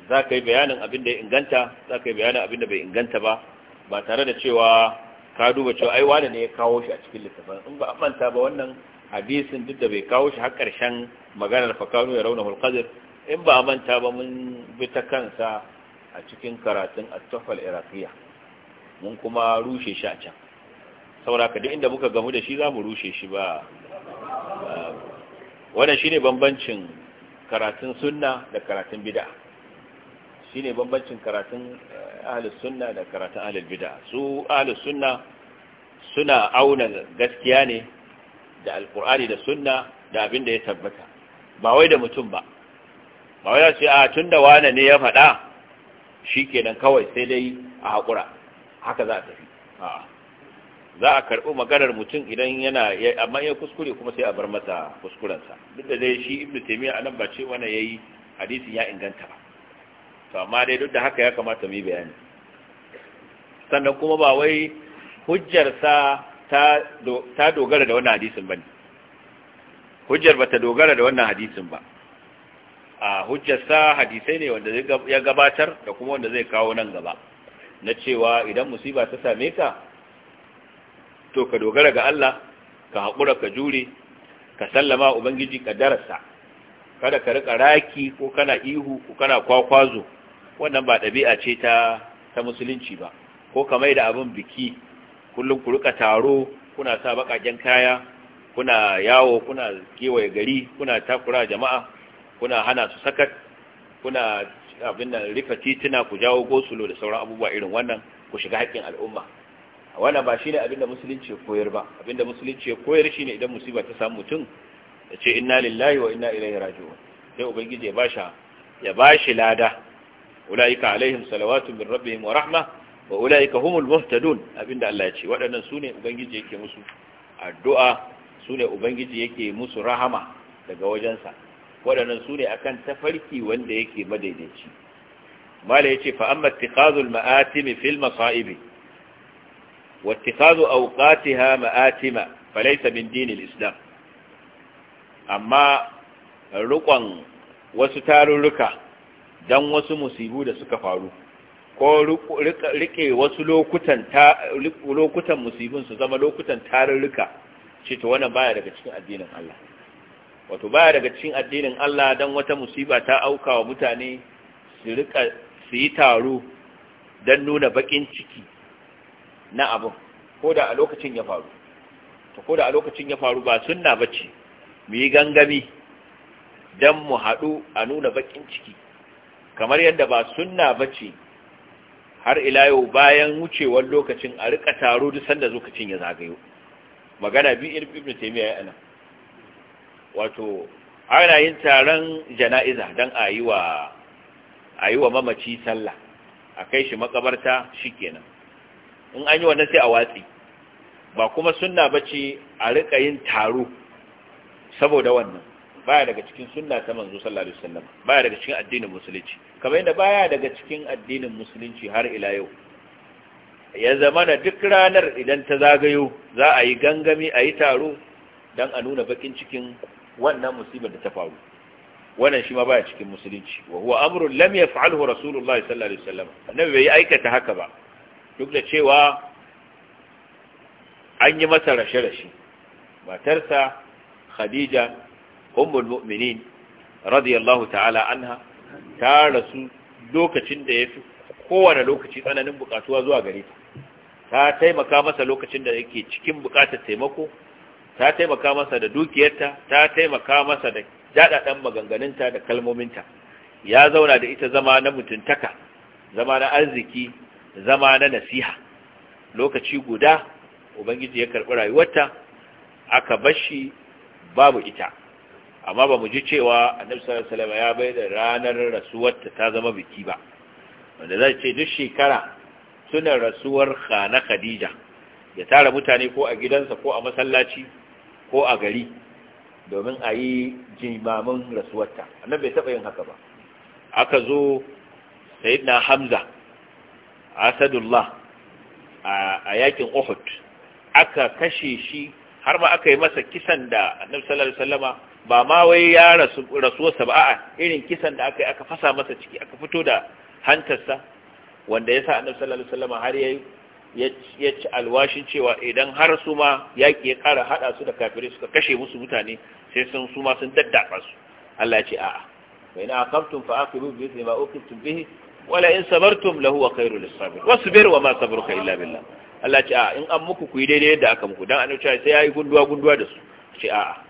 za ka yi bayanin abin da ya inganta za ka yi bayanin abin da bai inganta ba ba tare da cewa ka duba cewa ai wane ne ya kawo shi a cikin littafin in ba a manta ba wannan hadisin duk da bai kawo shi har ƙarshen maganar fakanu ya rauna hulƙadir in ba a manta ba mun bi ta kansa a cikin karatun attafal iraqiya mun kuma rushe shi a can saboda ka duk inda muka gamu da shi za mu rushe shi ba wannan shine bambancin karatun sunna da karatun bid'a shine bambancin karatun eh, ahlus sunna da karatun ahlul bid'a su ahlus sunna suna auna gaskiya ne da alkur'ani da sunna da abin da ya tabbata ba wai da mutum ba ba wai za su a tun da wane ne ya faɗa shi kenan kawai sai dai a haƙura haka za a tafi za a karɓi maganar mutum idan yana amma ya kuskure kuma sai a bar masa kuskurensa duk da dai shi ibnu taymiya anan ba ce wani yayi hadisi ya inganta ba to amma dai duk da haka ya kamata mu yi bayani sannan kuma ba wai hujjarsa ta dogara da wannan hadisin ba ne hujjar ba ta dogara da wannan hadisin ba a hujjarsa hadisai ne wanda ya gabatar da kuma wanda zai kawo nan gaba na cewa idan musiba ta same ka to ka dogara ga Allah ka haƙura ka jure ka sallama ubangiji ka darasa kada ka rika raki ko kana ihu ko kana kwakwazo wannan ba ɗabi'a ce ta musulunci ba ko ka mai da abin biki kullum ku rika taro kuna sa bakaken kaya kuna yawo kuna kewaye gari kuna takura jama'a kuna hana su sakat kuna abin nan rika titina ku jawo gosulo da sauran abubuwa irin wannan ku shiga haƙƙin al'umma wannan ba shine abin da musulunci ya koyar ba abin da musulunci ya koyar shine idan musiba ta samu mutum ya ce inna lillahi wa inna ilaihi raji'un sai ubangiji ya bashi ya bashi lada ulaika alaihim salawatu min rabbihim wa rahmah wa ulaika humul muhtadun abinda Allah ya ce waɗannan ne ubangiji yake musu addu'a ne ubangiji yake musu rahama daga wajensa waɗannan ne akan tafarki wanda yake madaidaici mala yace fa amma ittikhazul ma'atimi fil masa'ib wa ittikhazu awqatiha ma'atima falaysa min dinil islam amma rukon wasu tarurruka dan wasu musibu da suka faru ko rike wasu lokutan musibin su zama lokutan tarurruka ce to wannan baya daga cikin addinin Allah wato baya daga cikin addinin Allah don wata musiba ta auka wa mutane su rika su yi taro don nuna bakin ciki na abu ko da a lokacin ya faru to ko da a lokacin ya faru ba sunna bace mu yi gangami don mu haɗu a nuna bakin ciki kamar yadda ba sunna bace har ila yau bayan wucewar lokacin a rika taro duk sanda lokacin ya zagayo magana bi ibn taymiya yana wato ana yin taron jana'iza dan a yi mamaci sallah a kai shi makabarta shikenan in an yi wannan sai a watsi ba kuma sunna bace a rika yin taro saboda wannan baya daga cikin sunna ta manzo sallallahu alaihi wasallam baya daga cikin addinin musulunci kamar yadda baya daga cikin addinin musulunci har ila yau ya zama zamana duk ranar idan ta zagayo za a yi gangami a yi taro don a nuna bakin cikin wannan musibar da ta faru wannan shi ma baya cikin musulunci wa huwa amrun lam yaf'alhu rasulullahi sallallahu alaihi wasallam annabi bai aikata haka ba duk da cewa an yi masa rashe-rashe matarsa khadija ummul mu'minin radiyallahu ta'ala anha ta rasu lokacin da ya fi kowane lokaci tsananin bukatuwa zuwa gare ta ta taimaka masa lokacin da yake cikin bukatar taimako ta taimaka masa da dukiyarta ta taimaka masa da jadadan maganganunta da kalmominta ya zauna da ita zama na mutuntaka zama na arziki zama na nasiha lokaci guda ubangiji ya karɓi rayuwarta aka bashi babu ita amma ba mu ji cewa annabi sallallahu alaihi wasallam ya bai da ranar rasuwarta ta zama biki ba wanda zai ce duk shekara suna rasuwar khana khadija ya tara mutane ko a gidansa ko a masallaci ko a gari domin a yi jimamin rasuwarta annabi bai taba yin haka ba aka zo sayyidina hamza asadullah a yakin uhud aka kashe shi har ma aka yi masa kisan da annabi sallallahu alaihi wasallama ba ma wai ya rasu rasuwarsa ba irin kisan da aka yi aka fasa masa ciki aka fito da hantarsa wanda ya sa annabi sallallahu alaihi wasallam har yayi ya ci alwashin cewa idan har su ma yaƙi ya ƙara haɗa su da kafirai suka kashe musu mutane sai sun su ma sun daddaɓa su Allah ya ce a'a fa na akamtum fa aqibu bi ma uqibtum bihi wala in sabartum lahu wa khairu lis-sabir wasbir wa ma sabruka illa billah Allah ya ce a'a in an muku ku yi daidai yadda aka muku dan annabi sai yayi gunduwa gunduwa da su ce a'a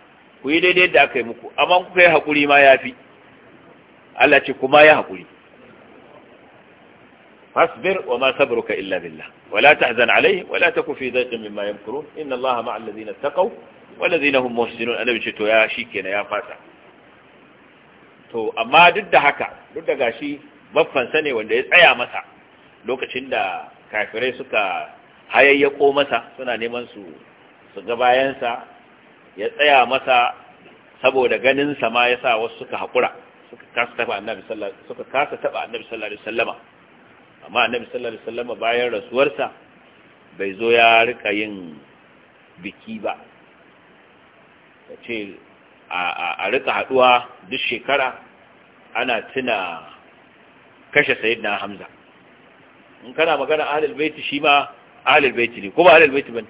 ku yi daidai da aka yi muku amma kuka yi haƙuri ma ya fi Allah ce kuma ya haƙuri fasbir wa ma sabruka illa billah wala tahzan alaihi wala taku fi dhiqin mimma yamkurun inna Allaha ma'a alladhina taqaw wa alladhina hum muhsinun annabi ce to ya shikenan ya fasa to amma duk da haka duk da gashi baffan sane wanda ya tsaya masa lokacin da kafirai suka hayayyako masa suna neman su su ga bayansa ya tsaya masa saboda ganin sa ma yasa wasu suka hakura suka kasa taba annabi sallallahu alaihi suka kasa taba annabi sallallahu alaihi wasallama amma annabi sallallahu alaihi wasallama bayan rasuwarsa bai zo ya rika yin biki ba ta ce a rika haduwa duk shekara ana tuna kashe sayyidina hamza in kana magana ahlul baiti shi ma ahlul baiti ne ko ba ahlul baiti bane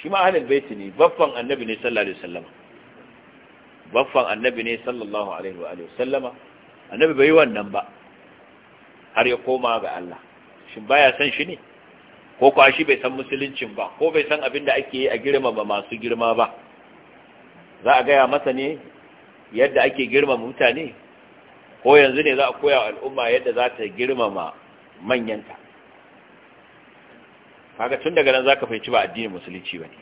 shi ma ahlul baiti ne baffan annabi ne sallallahu alaihi wasallama baffan annabi ne sallallahu alaihi wa sallama annabi bai wannan ba har ya koma ga Allah shin baya san shi ne ko kuwa shi bai san musuluncin ba ko bai san abin da ake yi a girmama masu girma ba za a gaya masa ne yadda ake girmama mutane ko yanzu ne za a koya al'umma yadda za ta girmama manyanta kaga tun daga nan zaka fahimci ba addinin musulunci bane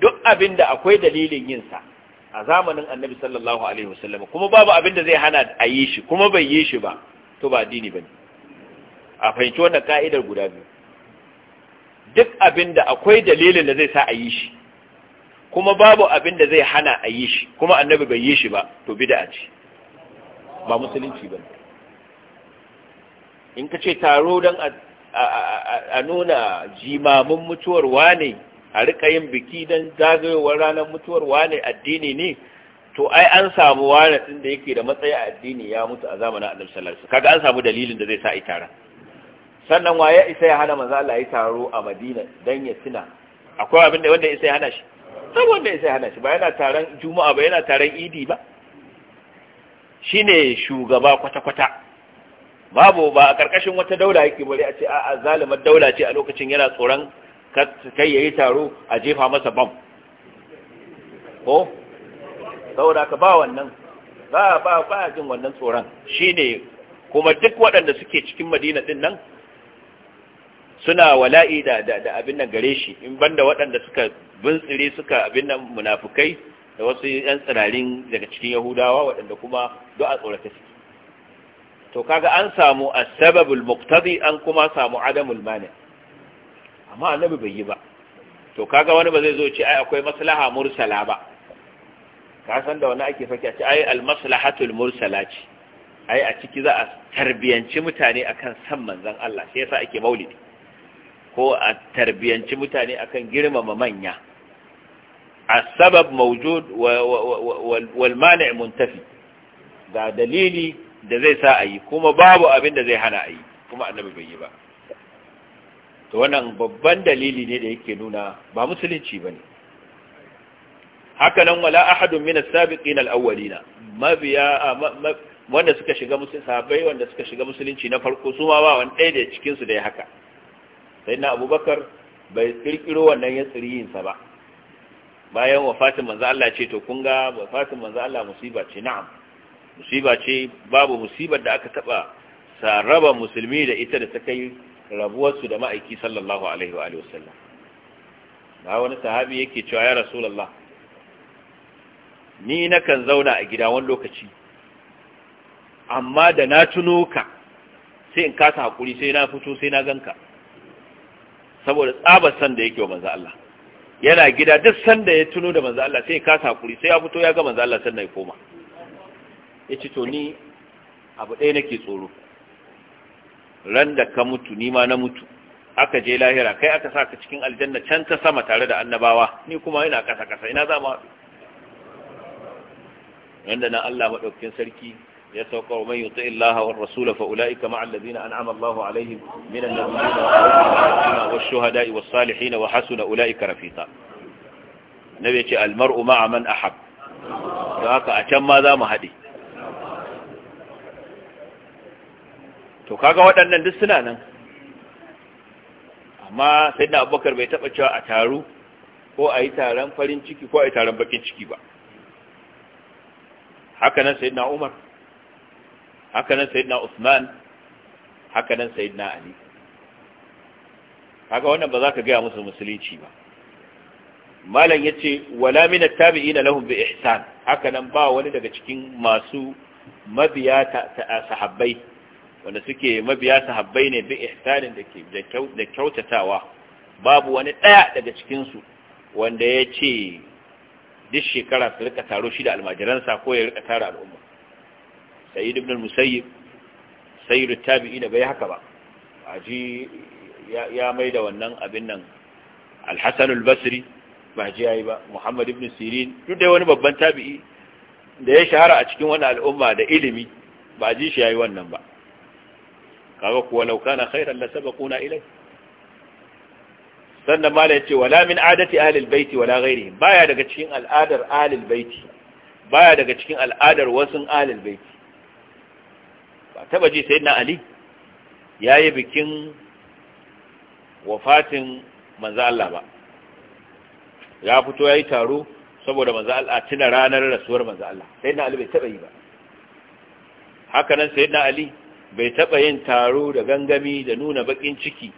duk abinda akwai dalilin yin sa a zamanin annabi sallallahu alaihi wasallam kuma babu abinda zai hana a yi shi kuma bai yi shi ba to ba addini bane a fahimci wannan ka'idar guda biyu duk abinda akwai dalilin da zai sa a yi shi kuma babu abinda zai hana a yi shi kuma annabi bai yi shi ba to bid'a ce ba musulunci bane in ka ce taro don a nuna jimamin mutuwar wane a rika yin biki don zagayowar ranar mutuwar wane addini ne to ai an samu wane din da yake da matsayi a addini ya mutu a zamanin annabi sallallahu alaihi kaga an samu dalilin da zai sa ai tara? sannan waye isa ya hana manzo Allah ya taro a Madina dan ya tuna akwai abin da wanda isa ya hana shi Sabu wanda isa ya hana shi ba yana taron juma'a ba yana taron idi ba shine shugaba kwata-kwata babu ba a karkashin wata daula yake bari a ce a zalimar daula ce a lokacin yana tsoron kai yayi taro a jefa masa bam ko saboda ka ba wannan ba ba ba jin wannan tsoron Shi ne kuma duk waɗanda suke cikin Madina din nan suna wala'i da abin nan gare shi in banda waɗanda suka bintsire suka abin nan munafukai da wasu yan tsirarin daga cikin Yahudawa waɗanda kuma du'a tsorata to kaga an samu asbabul muqtadi an kuma samu adamul mani amma annabi bai yi ba to kaga wani ba zai zo ce ai akwai maslaha mursala ba ka san da wani ake faki a ce ai al maslahatul mursala ce ai a ciki za a tarbiyanci mutane akan san manzon Allah sai yasa ake maulidi ko a tarbiyanci mutane akan girmama manya السبب موجود والمانع منتفي ga dalili da zai sa a yi kuma babu abin da zai hana a yi kuma annabi bai yi ba to wannan babban dalili ne da yake nuna ba musulunci ba ne haka nan wala ahadun min as-sabiqin al-awwalina mabiya wanda suka shiga musulunci sahabbai wanda suka shiga musulunci na farko su ma ba wani ɗaya da cikin su da ya haka sayyidina abubakar bai kirkiro wannan ya tsiri sa ba bayan wafatin manzo Allah ce to kun ga wafatin manzo Allah musiba ce na'am musiba ce babu musibar da aka taba saraba musulmi da ita da ta kai rabuwarsu da ma'aiki sallallahu alaihi wa alihi wasallam ba wani sahabi yake cewa ya rasulullah ni nakan zauna a gida wani lokaci amma da na tuno ka sai in kasa hakuri sai na fito sai na ganka saboda tsabar san da yake wa manzo Allah yana gida duk sanda ya tuno da manzo Allah sai ya kasa hakuri sai ya fito ya ga manzo Allah sannan ya koma ya ce to ni abu ɗaya nake tsoro ran da ka mutu ni ma na mutu aka je lahira kai aka sa ka cikin aljanna can ta sama tare da annabawa ni kuma ina ƙasa ƙasa ina za mu haɗu ran da na Allah maɗaukakin sarki ya sauka wa man yuti illaha war rasula fa ulaika ma'a alladhina an'ama Allahu alaihim minan nabiyyin wash shuhada'i was salihin wa hasuna ulaika rafiqa nabi ya ce al mar'u ma'a man ahab don haka a can ma za mu haɗe to kaga waɗannan duk suna nan amma sai da abubakar bai taɓa cewa a taru ko a yi taron farin ciki ko a yi taron bakin ciki ba haka nan sai umar haka nan sai usman haka nan sai ali kaga wannan ba za ka gaya musu musulunci ba malam ya ce wala min tabi'ina lahum bi ihsan haka nan ba wani daga cikin masu mabiya sahabbai wanda suke mabiya sahabbai ne bi ihsanin da ke da kyautatawa babu wani daya daga cikin su wanda ya ce duk shekara su rika taro shi da almajiransa ko ya rika tara al'umma sayyid ibn al-musayyib sayyid da bai haka ba aji ya mai da wannan abin nan al-hasan al-basri ba ji yayi ba muhammad ibn sirin duk dai wani babban tabi'i da ya shahara a cikin wani al'umma da ilimi ba ji shi yayi wannan ba kaga kuwa lauka na law da saba kuna ilai sannan mala yace wala min adati ahli albayti wala ghairihi baya daga cikin al'adar ahli albayti baya daga cikin al'adar wasun ahli albayti ba taba ji sayyidina ali ya yi bikin wafatin manza Allah ba ya fito ya yi taro saboda manza Allah tuna ranar rasuwar manza Allah sayyidina ali bai taba yi ba haka nan sayyidina ali bai taɓa yin taro da gangami da nuna baƙin ciki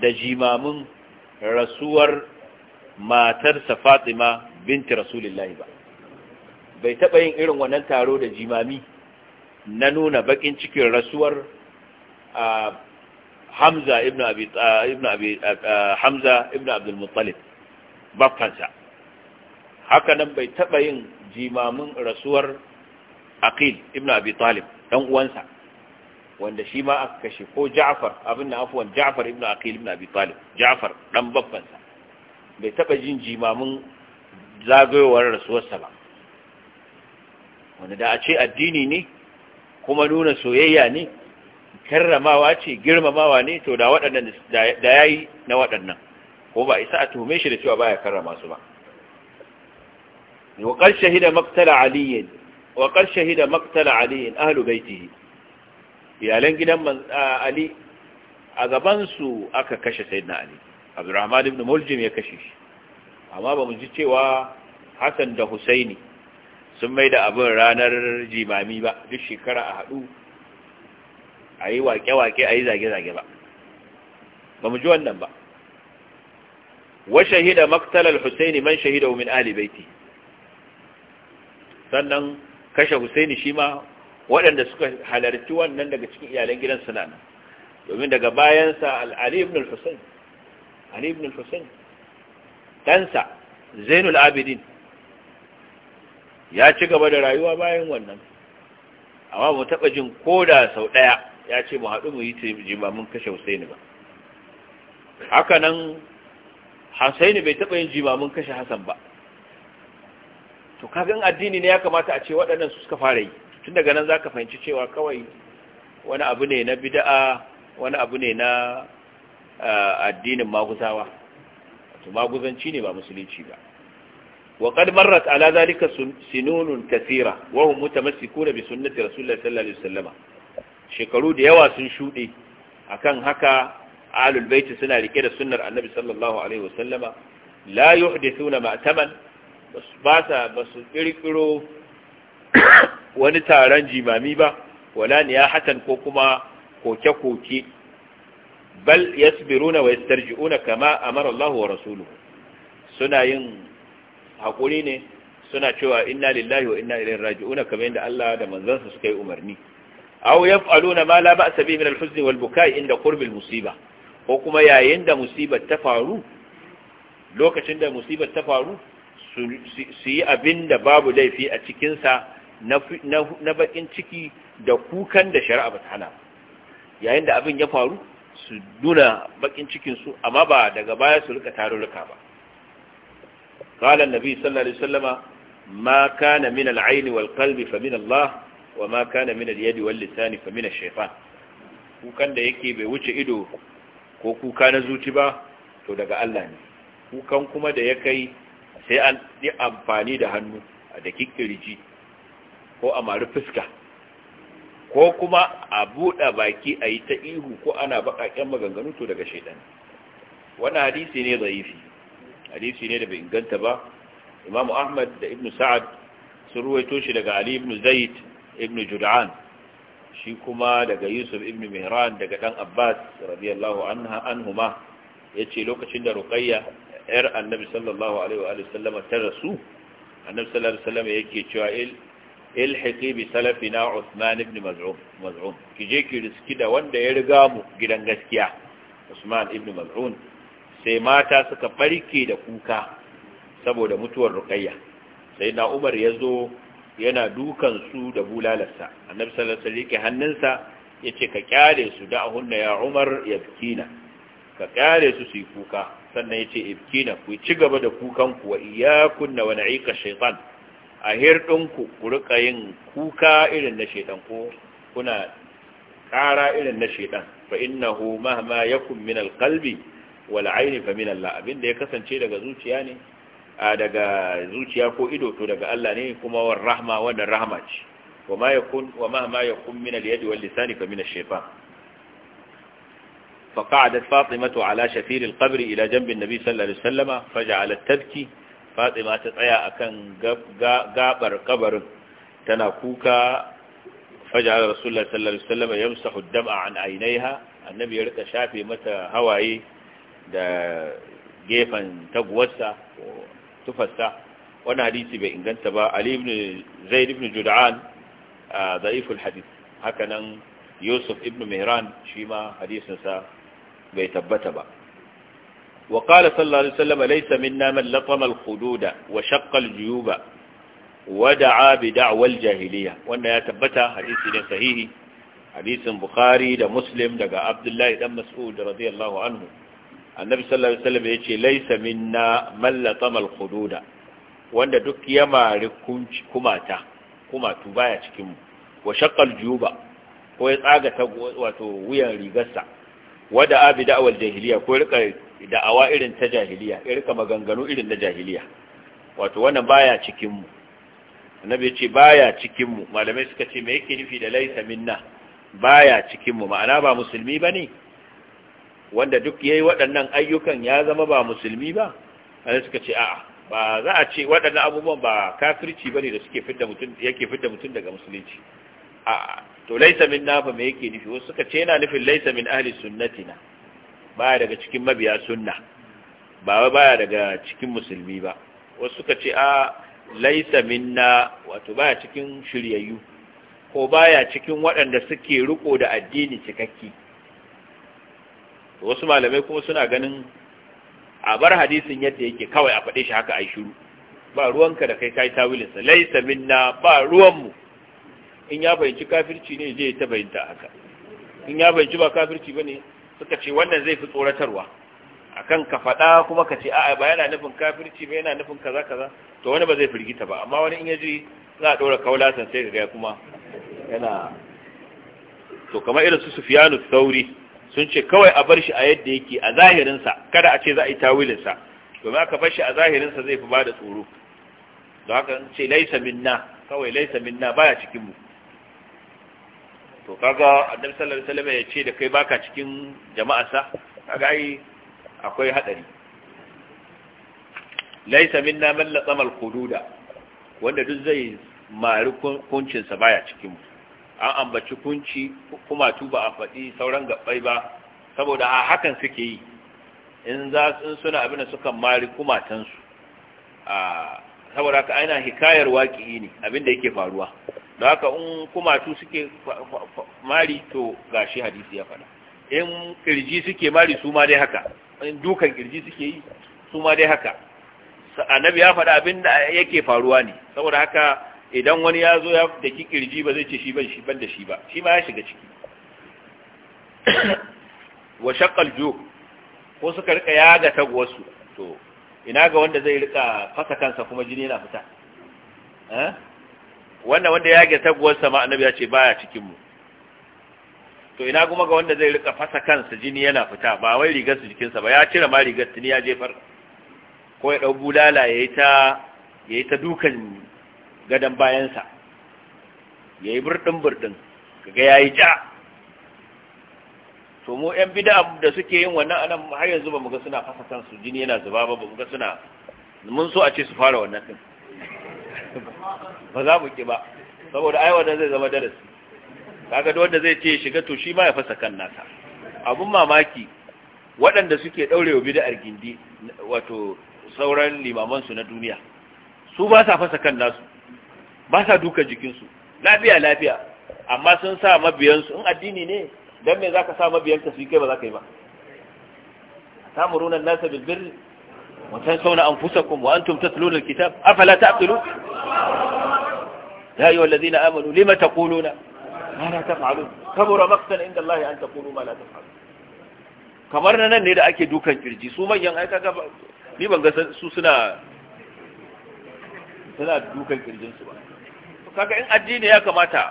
da jimamin rasuwar matarsa fatima binti rasulillahi ba bai taɓa yin irin wannan taro da jimami na nuna baƙin cikin rasuwar hamza ibn hamza ibn haka nan bai taɓa yin jimamin rasuwar aqil ibn abi talib ɗan uwansa wanda shi ma aka kashe ko Ja'far abin da afwan Ja'far ibn Aqil ibn Abi Talib Ja'far dan babban sa bai taba jin jimamin zagayowar rasuwarsa ba wanda da a ce addini ne kuma nuna soyayya ne karramawa ce girmamawa ne to da waɗannan da yayi na waɗannan ko ba isa a tuhume shi da cewa baya karrama su ba وقد شهد مقتل علي وقد شهد مقتل علي بيته iyalan gidan ali a gabansu aka kashe sayyidina ali abdurrahman ibn muljim ya kashe shi amma ba mu ji cewa hassan da husaini sun mai da abin ranar jimami ba duk shekara a haɗu a yi wake-wake a zage-zage ba ba mu ji wannan ba wa shahida maktalar husaini man shahida min ali baiti sannan kashe husaini shi ma waɗanda suka halarci wannan daga cikin iyalan gidan suna domin daga bayansa al'ali ibn al-husayn ali ibn al-husayn Tansa zainul abidin ya ci gaba da rayuwa bayan wannan amma mu taɓa jin koda sau daya ya ce mu haɗu mu yi jimamin kashe husaini ba haka nan husaini bai taɓa yin jimamin kashe hasan ba to kagan addini ne ya kamata a ce waɗannan su suka fara yi tun daga nan za ka fahimci cewa kawai wani abu ne na bida'a wani abu ne na addinin maguzawa wato maguzanci ne ba musulunci ba wa kad marrat ala zalika sununun kathira wa hum mutamassikuna bi sunnati rasulillahi sallallahu alaihi wasallama shekaru da yawa sun shude akan haka ahlul bait suna rike da sunnar annabi sallallahu alaihi wasallama la yuhdithuna ma'taman ba sa ba su kirkiro wani taron jimami ba wala hatan ko kuma koke-koke bal yasbiruna wa yastarji'una kama amara Allah wa rasuluhu suna yin hakuri ne suna cewa inna lillahi wa inna ilaihi raji'una kamar yadda Allah da manzansa suka yi umarni aw yaf'aluna ma la ba'sa bi min al-huzn wal bukai inda al musiba ko kuma yayin da musiba ta faru lokacin da musibar ta faru su yi abin da babu laifi a cikinsa na bakin ciki da kukan da shari'a ba ta hana yayin da abin ya faru su nuna bakin cikinsu amma ba daga baya su rika tarurruka ba qala nabi sallallahu alaihi wasallama ma kana min al wal fa min Allah wa ma kana min al wal lisan fa min ash kukan da yake bai wuce ido ko kuka na zuci ba to daga Allah ne kukan kuma da ya kai sai an yi amfani da hannu a da kikkirji ko a mari fuska ko kuma a buɗe baki a yi ta ihu ko ana baƙaƙen maganganu to daga shaidan wani hadisi ne zaifi hadisi ne da bai inganta ba imamu ahmad da ibnu sa'ad sun ruwaito shi daga ali ibnu zaid ibnu jud'an shi kuma daga yusuf ibnu mihran daga dan abbas radiyallahu anha anhuma yace lokacin da ruqayya yar annabi sallallahu alaihi wa sallama ta rasu annabi sallallahu alaihi wa sallama yake cewa ilhiqi bi salafina usman ibn Maz'un Maz'un kije ki riski da wanda ya riga mu gidan gaskiya Usman ibn Maz'un sai mata suka farke da kuka saboda mutuwar Ruqayya sayyidina Umar yazo yana dukan su da bulalarsa Annabi sallallahu alaihi wasallam hannunsa yace ka kyale su da hunna ya Umar yabkina ka kyale su su kuka sannan yace ibkina ku ci gaba da kukan ku wa kunna wa na'iqa shaytan a hirɗinku ku rika yin kuka irin na shaidan ko kuna ƙara irin na shaidan fa innahu mahma yakun min alqalbi wal aini fa min Allah abinda ya kasance daga zuciya ne a daga zuciya ko ido to daga Allah ne kuma war rahma wannan rahma ce wa ma yakun wa mahma yakun min al-yadi wal lisani fa min ash-shaytan فقعدت فاطمة على شفير القبر إلى جنب النبي صلى الله عليه وسلم فجعلت تبكي fatima ta tsaya akan gabar kabarin tana kuka fajar rasulullah sallallahu alaihi wasallam yamsahu dama an ha annabi ya rika shafe mata hawaye da gefen taguwarsa tufarsa wani hadisi bai inganta ba ali ibn zaid ibn jud'an a al hakanan yusuf ibn mihran shi ma hadisinsa bai tabbata ba وقال صلى الله عليه وسلم ليس منا من لطم الخدود وشق الجيوب ودعا بدعوى الجاهلية وأن يتبتى حديث صحيح حديث بخاري دا مسلم دا عبد الله بن مسعود رضي الله عنه النبي صلى الله عليه وسلم يقول ليس منا من لطم الخدود وأن دك يمارك كماتا كماتو بايا تكمو وشق الجيوب ويتعاقى وتويا ريقسا wada abi da'awal jahiliya ko rika da'awa irin ta jahiliya rika maganganu irin na jahiliya wato wannan baya cikin mu annabi ce baya cikin mu malamai suka ce me yake nufi da laisa minna baya cikin mu ma'ana ba musulmi bane wanda duk yayi waɗannan ayyukan ya zama ba musulmi ba sai suka ce a'a ba za a ce waɗannan abubuwan ba kafirci bane da suke fitta mutun yake fitta mutum daga musulunci a'a to laisa min nafa me yake nufi wasu suka ce yana nufin laisa min ahli na baya daga cikin mabiya sunna ba baya daga cikin musulmi ba wasu suka ce a laisa na wato baya cikin shiryayyu ko baya cikin waɗanda suke riko da addini cikakki wasu malamai kuma suna ganin a bar hadisin yadda yake kawai a faɗe shi haka a shiru ba ruwanka da kai kai tawilinsa laisa minna ba ruwanmu in ya bayanci kafirci ne zai ta bayanta haka in ya bayanci ba kafirci ba ne suka ce wannan zai fi tsoratarwa A kan ka faɗa kuma ka ce a'a ba yana nufin kafirci ba yana nufin kaza kaza to wani ba zai firgita ba amma wani in ya ji za a ɗora kaulatan sai ga kuma yana to kamar irin su sufiyanu sauri sun ce kawai a bar shi a yadda yake a zahirinsa kada a ce za a yi tawilinsa domin aka bar shi a zahirinsa zai fi ba da tsoro don haka ce laisa minna kawai laisa minna baya cikinmu to kaga annabi sallallahu alaihi wasallam ya ce da kai baka cikin jama'arsa kaga ai akwai hadari laisa minna man latsama al wanda duk zai mari kuncin sa baya cikin mu an ambaci kunci kuma tuba a faɗi sauran gabbai ba saboda a hakan suke yi in za su suna abin da suka mari kumatansu a saboda ka aina hikayar waƙi ne abin da yake faruwa da haka in kumatu suke mari to gashi hadisi ya faɗa in kirji suke mari su ma dai haka in dukan kirji suke yi su ma dai haka annabi ya fada abin da yake faruwa ne saboda haka idan wani ya zo ya daki kirji ba zai ce shi ban shi ban da shi ba shi ma ya shiga ciki wa shaqqal ju ko suka rika ga tagwasu to ina ga wanda zai rika fasa kansa kuma jini yana fita eh wanda wanda ya ga taguwar sama annabi ya ce baya cikin mu to ina kuma ga wanda zai rika fasa kansa jini yana fita ba wai rigar su jikinsa ba ya cire ma rigar tuni ya jefar ko ya dau bulala yayi ta yayi ta dukan gadan bayansa yayi burdin burdin kaga yayi ja to mu yan bid'a da suke yin wannan anan har yanzu ba mu ga suna fasa kansu jini yana zuba ba mu ga suna mun so a ce su fara wannan din ba za mu ki ba saboda ai zai zama darasi kaga duk wanda zai ce shiga to shi ma ya fasa kan nasa abun mamaki waɗanda suke daurewa da gindi wato sauran limaman na duniya su ba sa fasa kan nasu ba sa duka jikinsu lafiya lafiya amma sun sa mabiyansu in addini ne dan me zaka sa mabiyanka su kai ba za ka yi ba tamuruna nasa bil وتنسون أنفسكم وأنتم تتلون الكتاب أفلا تأقلون يا أيها الذين آمنوا لما تقولون ما لا تفعلون كبر مقتا عند الله أن تقولوا ما لا تفعلون kamar nan ne da ake dukan kirji su manyan aika ga ni ban ga su suna suna dukan kirjin su ba kaga in addini ya kamata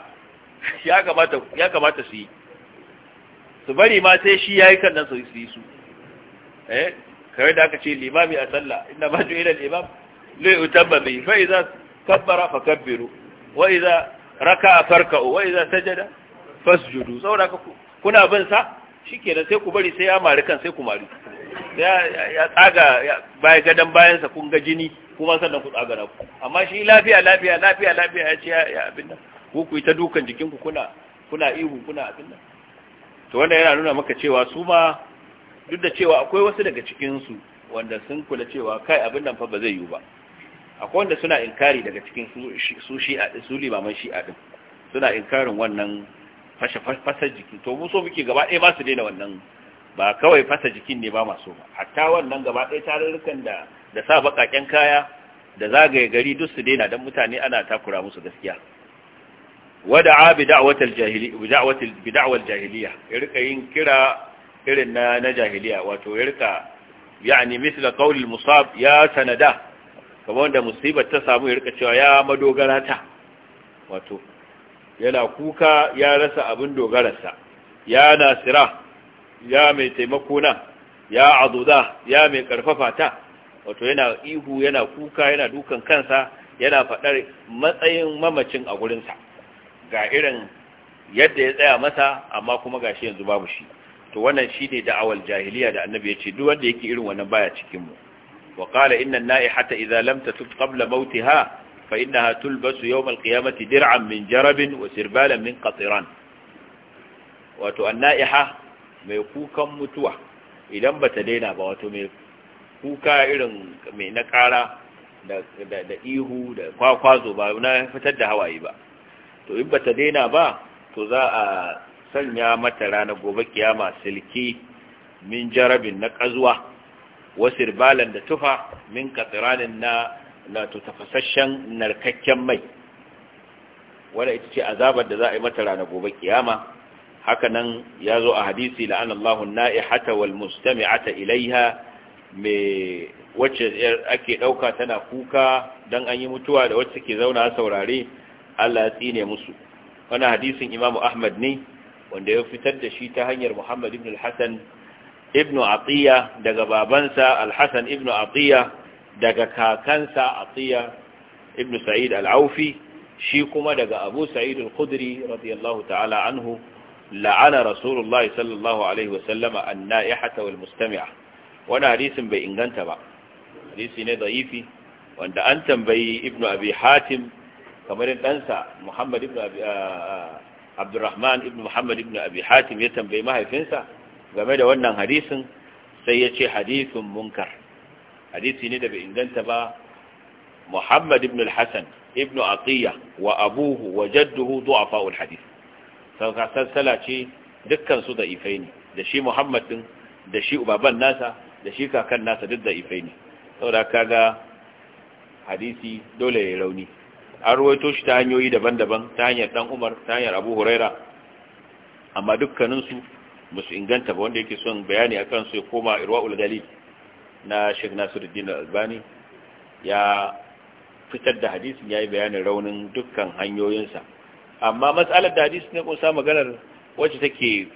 ya kamata ya kamata su yi su bari ma sai shi yayi kan nan su yi su eh kawai da aka ce limami a sallah inna ma ju'ila al-imam li yutamma bihi fa idza kabbara kabbiru wa idza raka'a farka'u wa idza sajada fasjudu saboda kuna bin sa shikenan sai ku bari sai ya mari kan sai ku mari ya tsaga baya gadan sa kun ga jini kuma sannan ku tsaga na ku amma shi lafiya lafiya lafiya lafiya ya ce ya abin nan ku ku ta dukan jikinku kuna kuna ihu kuna abin nan to wannan yana nuna maka cewa su ma duk da cewa akwai wasu daga cikinsu wanda sun kula cewa kai abin nan fa ba zai yiwu ba akwai wanda suna inkari daga cikin su shi'a din su limaman shi'a din suna inkarin wannan fashe fasa jiki to mu so muke gaba ɗaya ba su daina wannan ba kawai fasa jikin ne ba maso ba hatta wannan gaba ɗaya tarurrukan da da sa baƙaƙen kaya da zagaye gari duk su daina dan mutane ana takura musu gaskiya wada'a bi da'watil jahiliya bi da'watil bi da'wal jahiliya ya rika yin kira irin na na jahiliya wato ya ya'ani yani misla qaulil musab ya sanada kamar wanda musibar ta samu yarka cewa ya madogara ta wato yana kuka ya rasa abin dogararsa ya nasira ya mai taimako na ya azuda ya mai karfafa ta wato yana ihu yana kuka yana dukan kansa yana faɗar matsayin mamacin a gurinsa ga irin yadda ya tsaya masa amma kuma gashi yanzu babu shi to wannan shine awal jahiliya da annabi ya ce duk wanda yake irin wannan baya cikin mu wa qala inna an-na'ihata idza lam tatub qabla ha fa innaha tulbasu yawm al-qiyamati dir'an min jarabin wa sirbalan min qatiran wato an-na'iha mai kukan mutuwa idan ta daina ba wato mai kuka irin mai na ƙara da ihu da kwakwazo ba na fitar da hawaye ba to in bata daina ba to za a sanya mata rana gobe kiyama silki min jarabin na kazuwa wasir balan da tufa min katsiranin na tafasasshen narkakken mai wadda ita ce azabar da za a yi mata rana gobe kiyama hakanan ya zo a hadisi la'an Allahun na'ihata wal mustami'ata ilaiha mai wacce ake ɗauka tana kuka don an yi mutuwa da wacce ke zauna saurare Allah ya tsine musu wani hadisin imamu ahmad ne wanda ya fitar da shi ta hanyar Muhammad ibn al-Hasan ibn Atiya daga babansa al-Hasan ibn Atiya daga kakansa Atiya ibn Sa'id al-Aufi shi kuma daga Abu Sa'id al-Khudri radiyallahu ta'ala anhu la'ana Rasulullahi sallallahu alaihi wa sallama an-na'ihata wal mustami'a wannan hadisin bai inganta ba hadisi ne da'ifi wanda an tambayi ibn Abi Hatim kamar ɗansa Muhammad ibn Abi ah, ah, abdurrahman ibn muhammad ibn abi hatim ya tambayi mahaifinsa game da wannan hadisin sai ya ce hadisin munkar hadisi ne da bai inganta ba muhammad ibn al-hasan ibn atiya wa abuhu wa jadduhu du'afa al-hadith sauka sassala ce dukkan su da ifai ne da shi muhammad din da shi ubaban nasa da shi kakan nasa duk da ifai ne saboda kaga hadisi dole ya rauni an ruwaito shi ta hanyoyi daban-daban ta hanyar dan umar ta hanyar abu huraira amma dukkaninsu ba su inganta ba wanda yake son bayani a kansu ya koma irwa'ul galil na sheikh nasiruddin albani ya fitar da hadisin ya yi bayanin raunin dukkan hanyoyinsa amma matsalar da hadisin ya kunsa maganar wacce take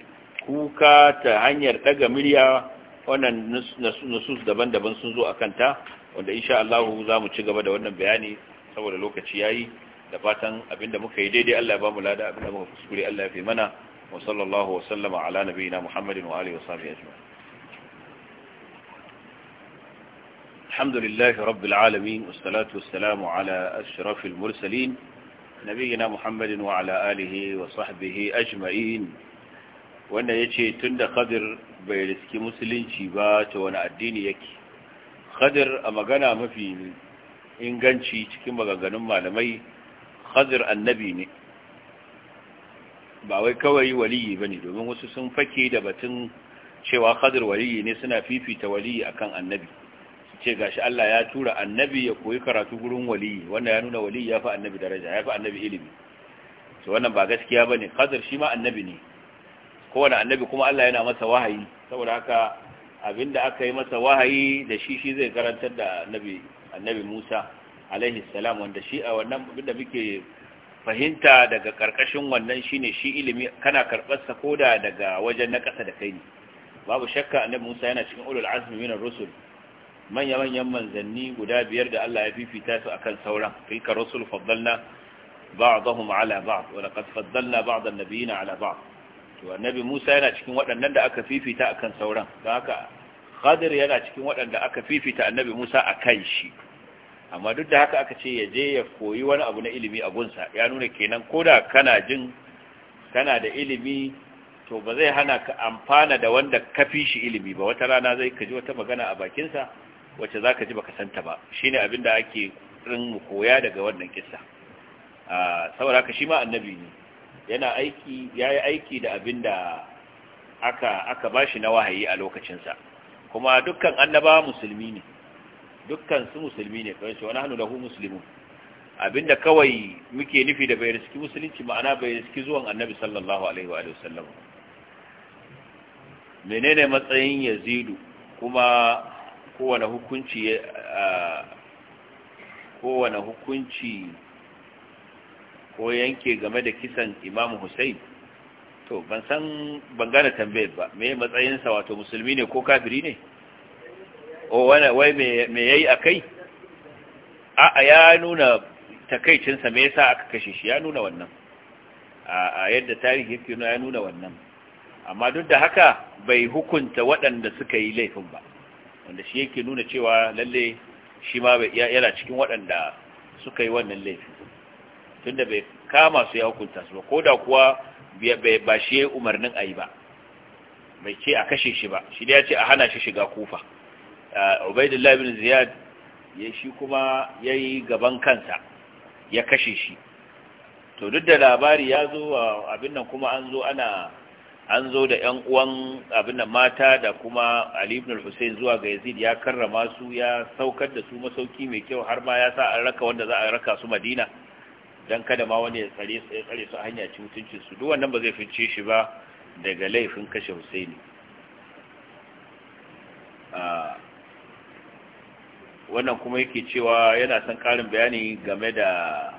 kuka ta hanyar daga miliya wannan nasus daban-daban sun zo a kanta wanda insha Allah za mu ci gaba da wannan bayani saboda lokaci yayi da fatan abinda muka yi daidai Allah ya ba lada abinda muka kuskure Allah ya fi mana wa sallallahu wa sallama ala nabiyina Muhammadin wa alihi wa sahbihi ajma'in alhamdulillahi rabbil alamin wa wassalamu ala ashrafil mursalin nabiyina Muhammadin wa ala alihi wa sahbihi ajma'in wanda yace tunda Khadir bai riski musulunci ba ta wani addini yake Khadir a magana mafi inganci cikin maganganun malamai khazir annabi ne ba wai kawai waliyi ba ne domin wasu sun fake da batun cewa khazir waliyi ne suna fifita waliyi akan annabi ce gashi Allah ya tura annabi ya koyi karatu gurin waliyi wanda ya nuna waliyi ya fi annabi daraja ya fi annabi ilimi to wannan ba gaskiya ba ne shi ma annabi ne kowane annabi kuma Allah yana masa wahayi saboda haka abinda aka yi masa wahayi da shi shi zai karantar da annabi annabi Musa alaihi salam wanda shi a wannan da muke fahimta daga karkashin wannan shine shi ilimi kana karbar sa koda daga wajen na kasa da kai ne babu shakka annabi Musa yana cikin ulul azmi min ar-rusul manya manyan manzanni guda biyar da Allah ya fifita su akan sauran tilka rusul faddalna ba'dahum ala ba'd wa laqad faddalna ba'd an-nabiyina ala ba'd to annabi Musa yana cikin waɗannan da aka fifita akan sauran don haka Khadir yana cikin waɗanda aka fifita annabi Musa akan shi amma duk da haka aka ce ya je ya koyi wani abu na ilimi a gunsa ya nuna kenan ko da kana jin kana da ilimi to ba zai hana ka amfana da wanda ka fi shi ilimi ba wata rana zai ka ji wata magana a bakinsa wacce za ka ji baka santa ba Shi ne abin da ake rin koya daga wannan kisa. saboda haka shi ma annabi ne yana aiki ya yi aiki da abin da aka ba shi na wahayi a lokacinsa kuma dukkan annaba musulmi ne dukkan su musulmi ne kawai hannu nahnu lahu muslimun abinda kawai muke nufi da bai riski musulunci ma'ana bai riski zuwan annabi sallallahu alaihi wa sallam menene matsayin yazidu kuma kowane hukunci eh, kowane hukunci ko yanke game da kisan imam hussein to ban san ban gane tambayar ba me matsayinsa wato musulmi ne ko kafiri ne Oh, wai me yayi akai a ya nuna takaicinsa me yasa aka kashe shi ya nuna wannan a yadda tarihi yake nuna ya nuna wannan amma duk da haka bai hukunta waɗanda suka yi laifin ba wanda shi yake nuna cewa lalle shi ma yana cikin waɗanda suka yi wannan laifin tunda bai kama su ya hukunta su ba ko da kuwa ba shi ya umarnin a yi ba bai ce a kashe shi ba shi da ya ce a hana shi shiga kufa Uh, ubaidullah ibn ziyad ya shi kuma ya yi gaban kansa ya kashe shi to duk da labari ya zo uh, abin nan kuma an zo ana an zo da ‘yan uwan abin nan mata da kuma Ali ibn Hussein zuwa ga Yazid ya karrama su ya saukar da su masauki mai kyau har ma ya sa an raka wanda za a raka su Madina don kada ma wani ya tsare su ya hanya ci mutuncin su duk wannan ba zai fice shi ba daga laifin kashe Husaini uh, wannan kuma yake cewa yana son karin bayani game da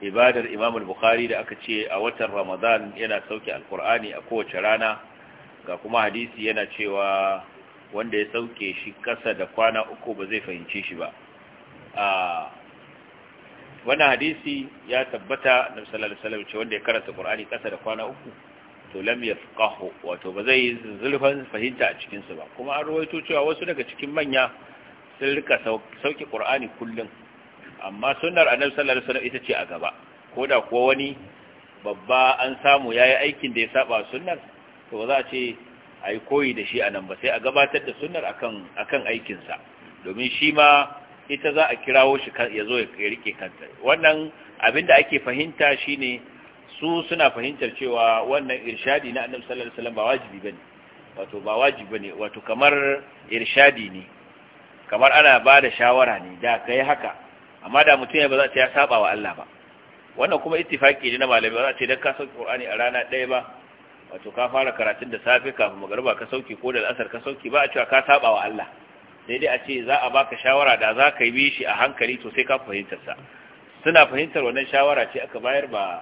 ibadar imam bukhari da aka ce a watan ramadan yana sauke alkur'ani a kowace rana ga kuma hadisi yana cewa wanda ya sauke shi kasa da kwana uku ba zai fahimci shi ba wannan hadisi ya tabbata na sallallahu alaihi wasallam ce wanda ya karanta qur'ani kasa da kwana uku to lam yafqahu wato ba zai zulfan fahimta a cikin su ba kuma an ruwaito cewa wasu daga cikin manya sun rika sauki qur'ani kullun amma sunnar annabi sallallahu alaihi wasallam ita ce a gaba koda kuwa wani babba an samu yayi aikin da ya saba sunnar to ba za a ce ai koyi da shi anan ba sai a gabatar da sunnar akan akan aikin sa domin shi ma ita za a kirawo shi yazo ya rike kanta wannan abinda ake fahimta shine su suna fahimtar cewa wannan irshadi na annabi sallallahu alaihi wasallam ba wajibi bane wato ba wajibi bane wato kamar irshadi ne kamar ana ba shawara ne da kai haka amma da mutum ya ba za ta ya saba wa Allah ba wannan kuma ittifaki ne na malami ba za ta dan ka Qur'ani a rana ɗaya ba wato ka fara karatun da safe kafin magariba ka sauke ko da asar ka sauki ba a cewa ka saba wa Allah sai dai a ce za a baka shawara da za ka yi shi a hankali to sai ka fahimtar sa suna fahimtar wannan shawara ce aka bayar ba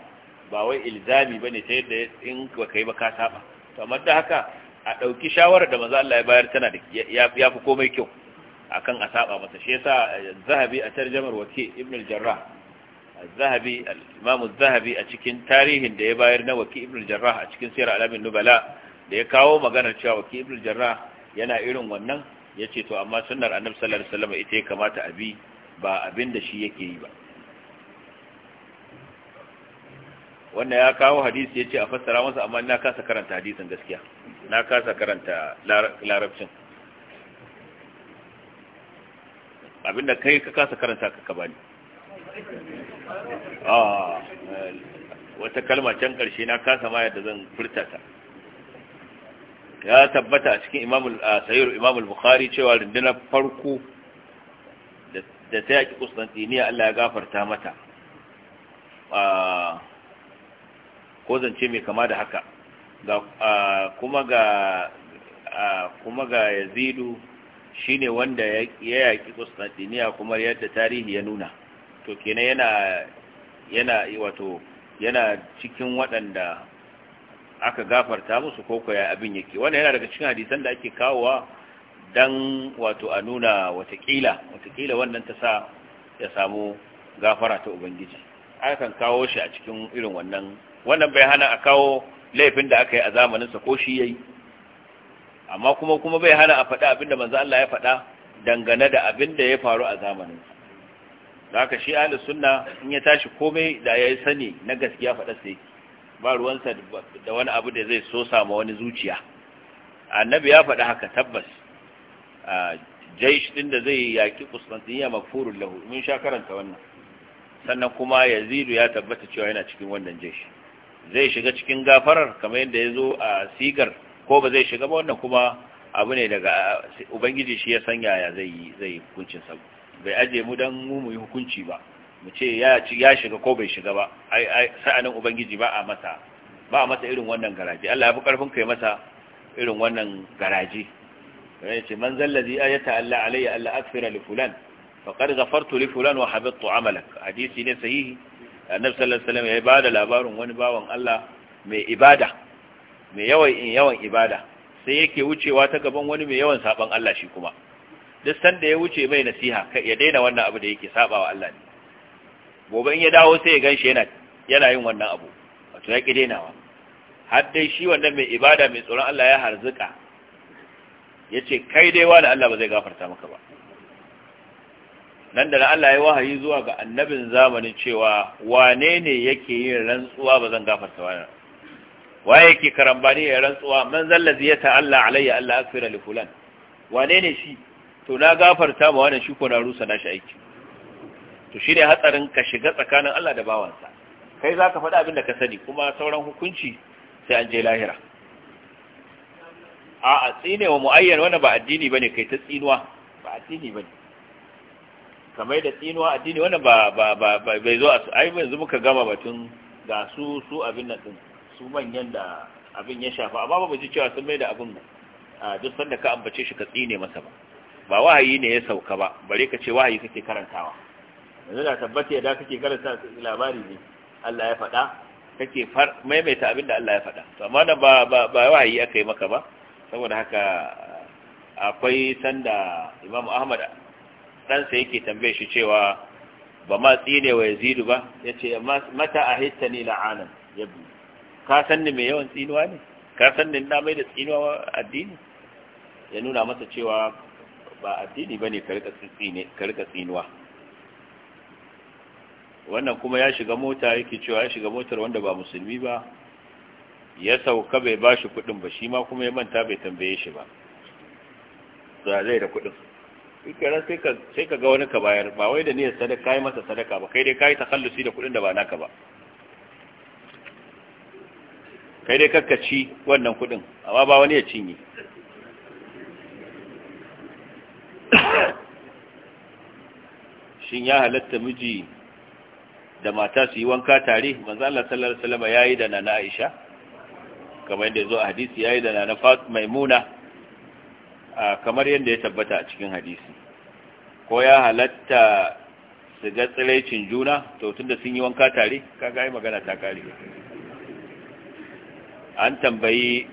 ba wai ilzami ba ne ta yadda in ba kai ba ka saba to amma da haka a ɗauki shawarar da maza Allah ya bayar tana da ya fi komai kyau a kan a saba masa shi yasa eh, zahabi a tarjamar waki ibn al-jarrah zahabi al-imam zahabi a cikin tarihin da ya bayar na waki ibn al-jarrah a cikin sirar alamin nubala da ya kawo maganar cewa waki ibn al-jarrah yana irin wannan ya ce to amma sunnar annabi sallallahu alaihi wasallam ita ya kamata a bi ba abin da shi yake yi ba wanda ya kawo hadisi ya ce a fassara masa amma na kasa karanta hadisin gaskiya na kasa karanta larabcin abinda kai ka kasa karanta ka bani ah, wata kalma can ƙarshe na kasa ma yadda zan furta ta ya tabbata a cikin sayar imamul bukhari cewa rindunar farko da ta yaƙi kustantiniya Allah ya gafarta mata ah, ko zance mai kama da haka ga kuma ga kuma ga yazidu shine wanda ya yaki Constantinople kuma yadda tarihi ya nuna to kenan yana yana wato yana cikin waɗanda aka gafarta musu koko ya abin yake wannan yana daga cikin hadisan da ake kawowa dan wato a nuna watakila watakila wannan ta sa ya samu gafara ta ubangiji akan kawo shi a cikin irin wannan wannan bai hana a kawo laifin da aka yi a zamaninsa ko shi ya yi amma kuma kuma bai hana a faɗi abinda manzo Allah ya faɗa dangane da abinda ya faru a zamaninsa Za haka shi ahlus sunna in ya tashi komai da yi sani na gaskiya faɗa sai ba ruwansa da wani abu da zai so sama wani zuciya annabi ya faɗi haka tabbas jaish din da zai yaki Constantinople makfurul lahu mun sha karanta wannan sannan kuma Yazidu ya tabbata cewa yana cikin wannan jaishi zai shiga cikin gafarar kamar yadda ya zo a sigar ko ba zai shiga ba wannan kuma abu ne daga ubangiji shi ya sanya ya zai yi zai hukuncin sa bai aje mu dan mu mu yi hukunci ba mu ce ya ya shiga ko bai shiga ba ai ai sa'anin ubangiji ba a masa ba a masa irin wannan garaji Allah ya fi karfin kai masa irin wannan garaji kamar yace man zallazi ayata Allah alayya Allah, akfira li fulan faqad ghafartu li fulan wa habittu amalak hadisi ne sahihi annabi sallallahu alaihi wasallam ya ba da labarin wani bawan Allah mai ibada mai yawan yawan ibada sai yake wucewa ta gaban wani mai yawan saban Allah shi kuma duk sanda ya wuce mai nasiha ya daina wannan abu da yake sabawa Allah ne gobe in ya dawo sai ya ganshi yana yana yin wannan abu wato ya ki dainawa har dai shi wannan mai ibada mai tsoron Allah ya harzuka yace kai dai wani Allah ba zai gafarta maka ba nan da Allah ya wahayi zuwa ga annabin zamanin cewa wane ne yake yin rantsuwa ba zan gafarta wani waye yake karambani ya rantsuwa man zallazi ya Allah, alayya Allah akfira li fulan wane ne shi to na gafarta ma wannan shi ko na rusa na shi aiki to shine hatsarin ka shiga tsakanin Allah da bawansa kai zaka faɗa abin da ka sani kuma sauran hukunci sai an je lahira a a tsine wa muayyan wannan ba addini bane kai ta tsinuwa ba addini bane kamar da tsinuwa addini wannan ba ba bai zo a su. ai yanzu muka gama batun ga su su abin nan din su manyan da abin ya shafa amma ba mu ji cewa sun mai da abin a duk sanda ka ambace shi ka tsine masa ba ba wahayi ne ya sauka ba bare ka ce wahayi kake karantawa yanzu da tabbata yadda da kake karanta labari ne Allah ya faɗa kake far maimaita abin da Allah ya faɗa to amma da ba ba wahayi aka yi maka ba saboda haka akwai sanda Imam Ahmad ɗansa yake tambaye shi cewa ba ma tsine wa yazidu ba ya ce mata a hitta ni la'anan ya bi ka san ni mai yawan tsinuwa ne ka san ni na mai da tsinuwa addini ya nuna masa cewa ba addini ba ne ka rika tsinuwa wannan kuma ya shiga mota yake cewa ya shiga motar wanda ba musulmi ba ya sauka bai ba shi kudin ba shi ma kuma ya manta bai tambaye shi ba zai da kudin shikenan sai ka sai ka ga wani ka bayar ba wai da niyyar sadaka kai masa sadaka ba kai dai kai takallusi da kuɗin da ba naka ba kai dai karkaci wannan kuɗin amma ba wani ya cinye shin ya halatta miji da mata su yi wanka tare manzo Allah sallallahu alaihi wasallam yayi da nana Aisha kamar yadda zo a hadisi yayi da nana Fatima Maimuna kamar yadda ya tabbata a cikin hadisi ko ya halatta su ga tsilaicin juna to tunda sun yi wanka tare kaga yi magana ta kare an tambayi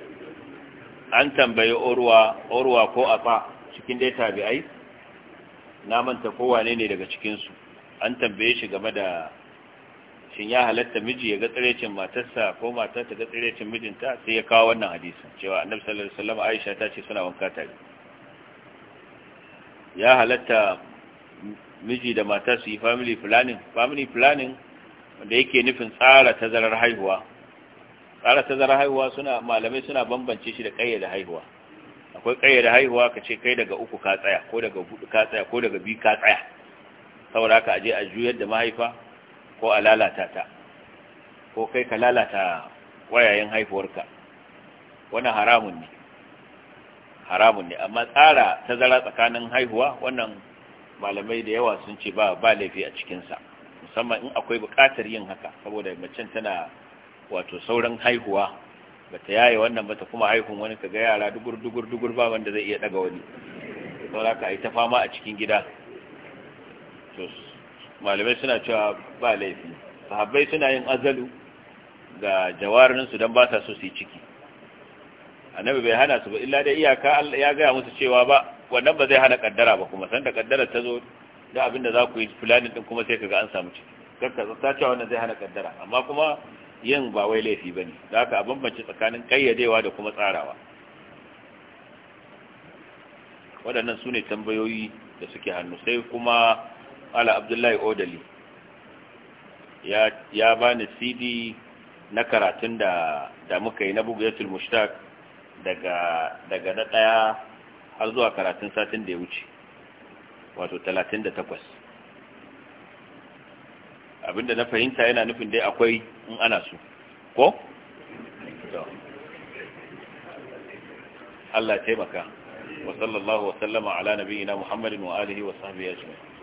an tambayi orwa orwa ko afa cikin dai tabi'ai na manta kowane ne daga cikinsu. an tambaye shi game da shin ya halatta miji ya ga tsirecin matarsa ko mata ta ga tsirecin mijinta sai ya kawo wannan hadisin cewa annabi sallallahu alaihi wasallam Aisha ta ce suna wanka tare ya halatta miji da mata su yi family planning family planning wanda yake nufin tsara tazarar haihuwa tsara tazarar haihuwa suna malamai suna bambance shi da kayyade haihuwa akwai kayyade haihuwa ka ce kai daga uku ka tsaya ko daga hudu ka tsaya ko daga biyu ka tsaya saboda haka aje a juyar da mahaifa ko a lalata ta ko kai ka lalata wayayen haifuwarka wannan haramun ne haramun ne amma tsara tazara tsakanin haihuwa wannan malamai da yawa sun ce ba ba laifi a cikinsa musamman in akwai buƙatar yin haka saboda macen tana wato sauran haihuwa ba ta yaye wannan ba ta kuma haihun wani ka ga yara dugur dugur dugur ba wanda zai iya daga wani saboda ka yi ta fama a cikin gida malamai suna cewa ba laifi sahabbai suna yin azalu ga jawarinsu don ba sa so su yi ciki annabi bai hana su ba illa dai iyaka ya gaya musu cewa ba wannan ba zai hana kaddara ba kuma sanda kaddara ta zo da abin da za ku yi fulani din kuma sai ka ga an samu ciki kakka ta cewa wannan zai hana kaddara amma kuma yin ba wai laifi bane da haka abin bace tsakanin kayyadewa da kuma tsarawa waɗannan su ne tambayoyi da suke hannu sai kuma ala abdullahi odali ya bani cd na karatun da da muka yi na bugayatul mushtaq daga daga na daya har zuwa karatun satin da ya wuce wato 38 abinda na fahimta yana nufin dai akwai in ana su, ko Allah taimaka wa sallallahu wa sallama ala nabiyyina Muhammadin wa alihi wa sahbihi ajma'in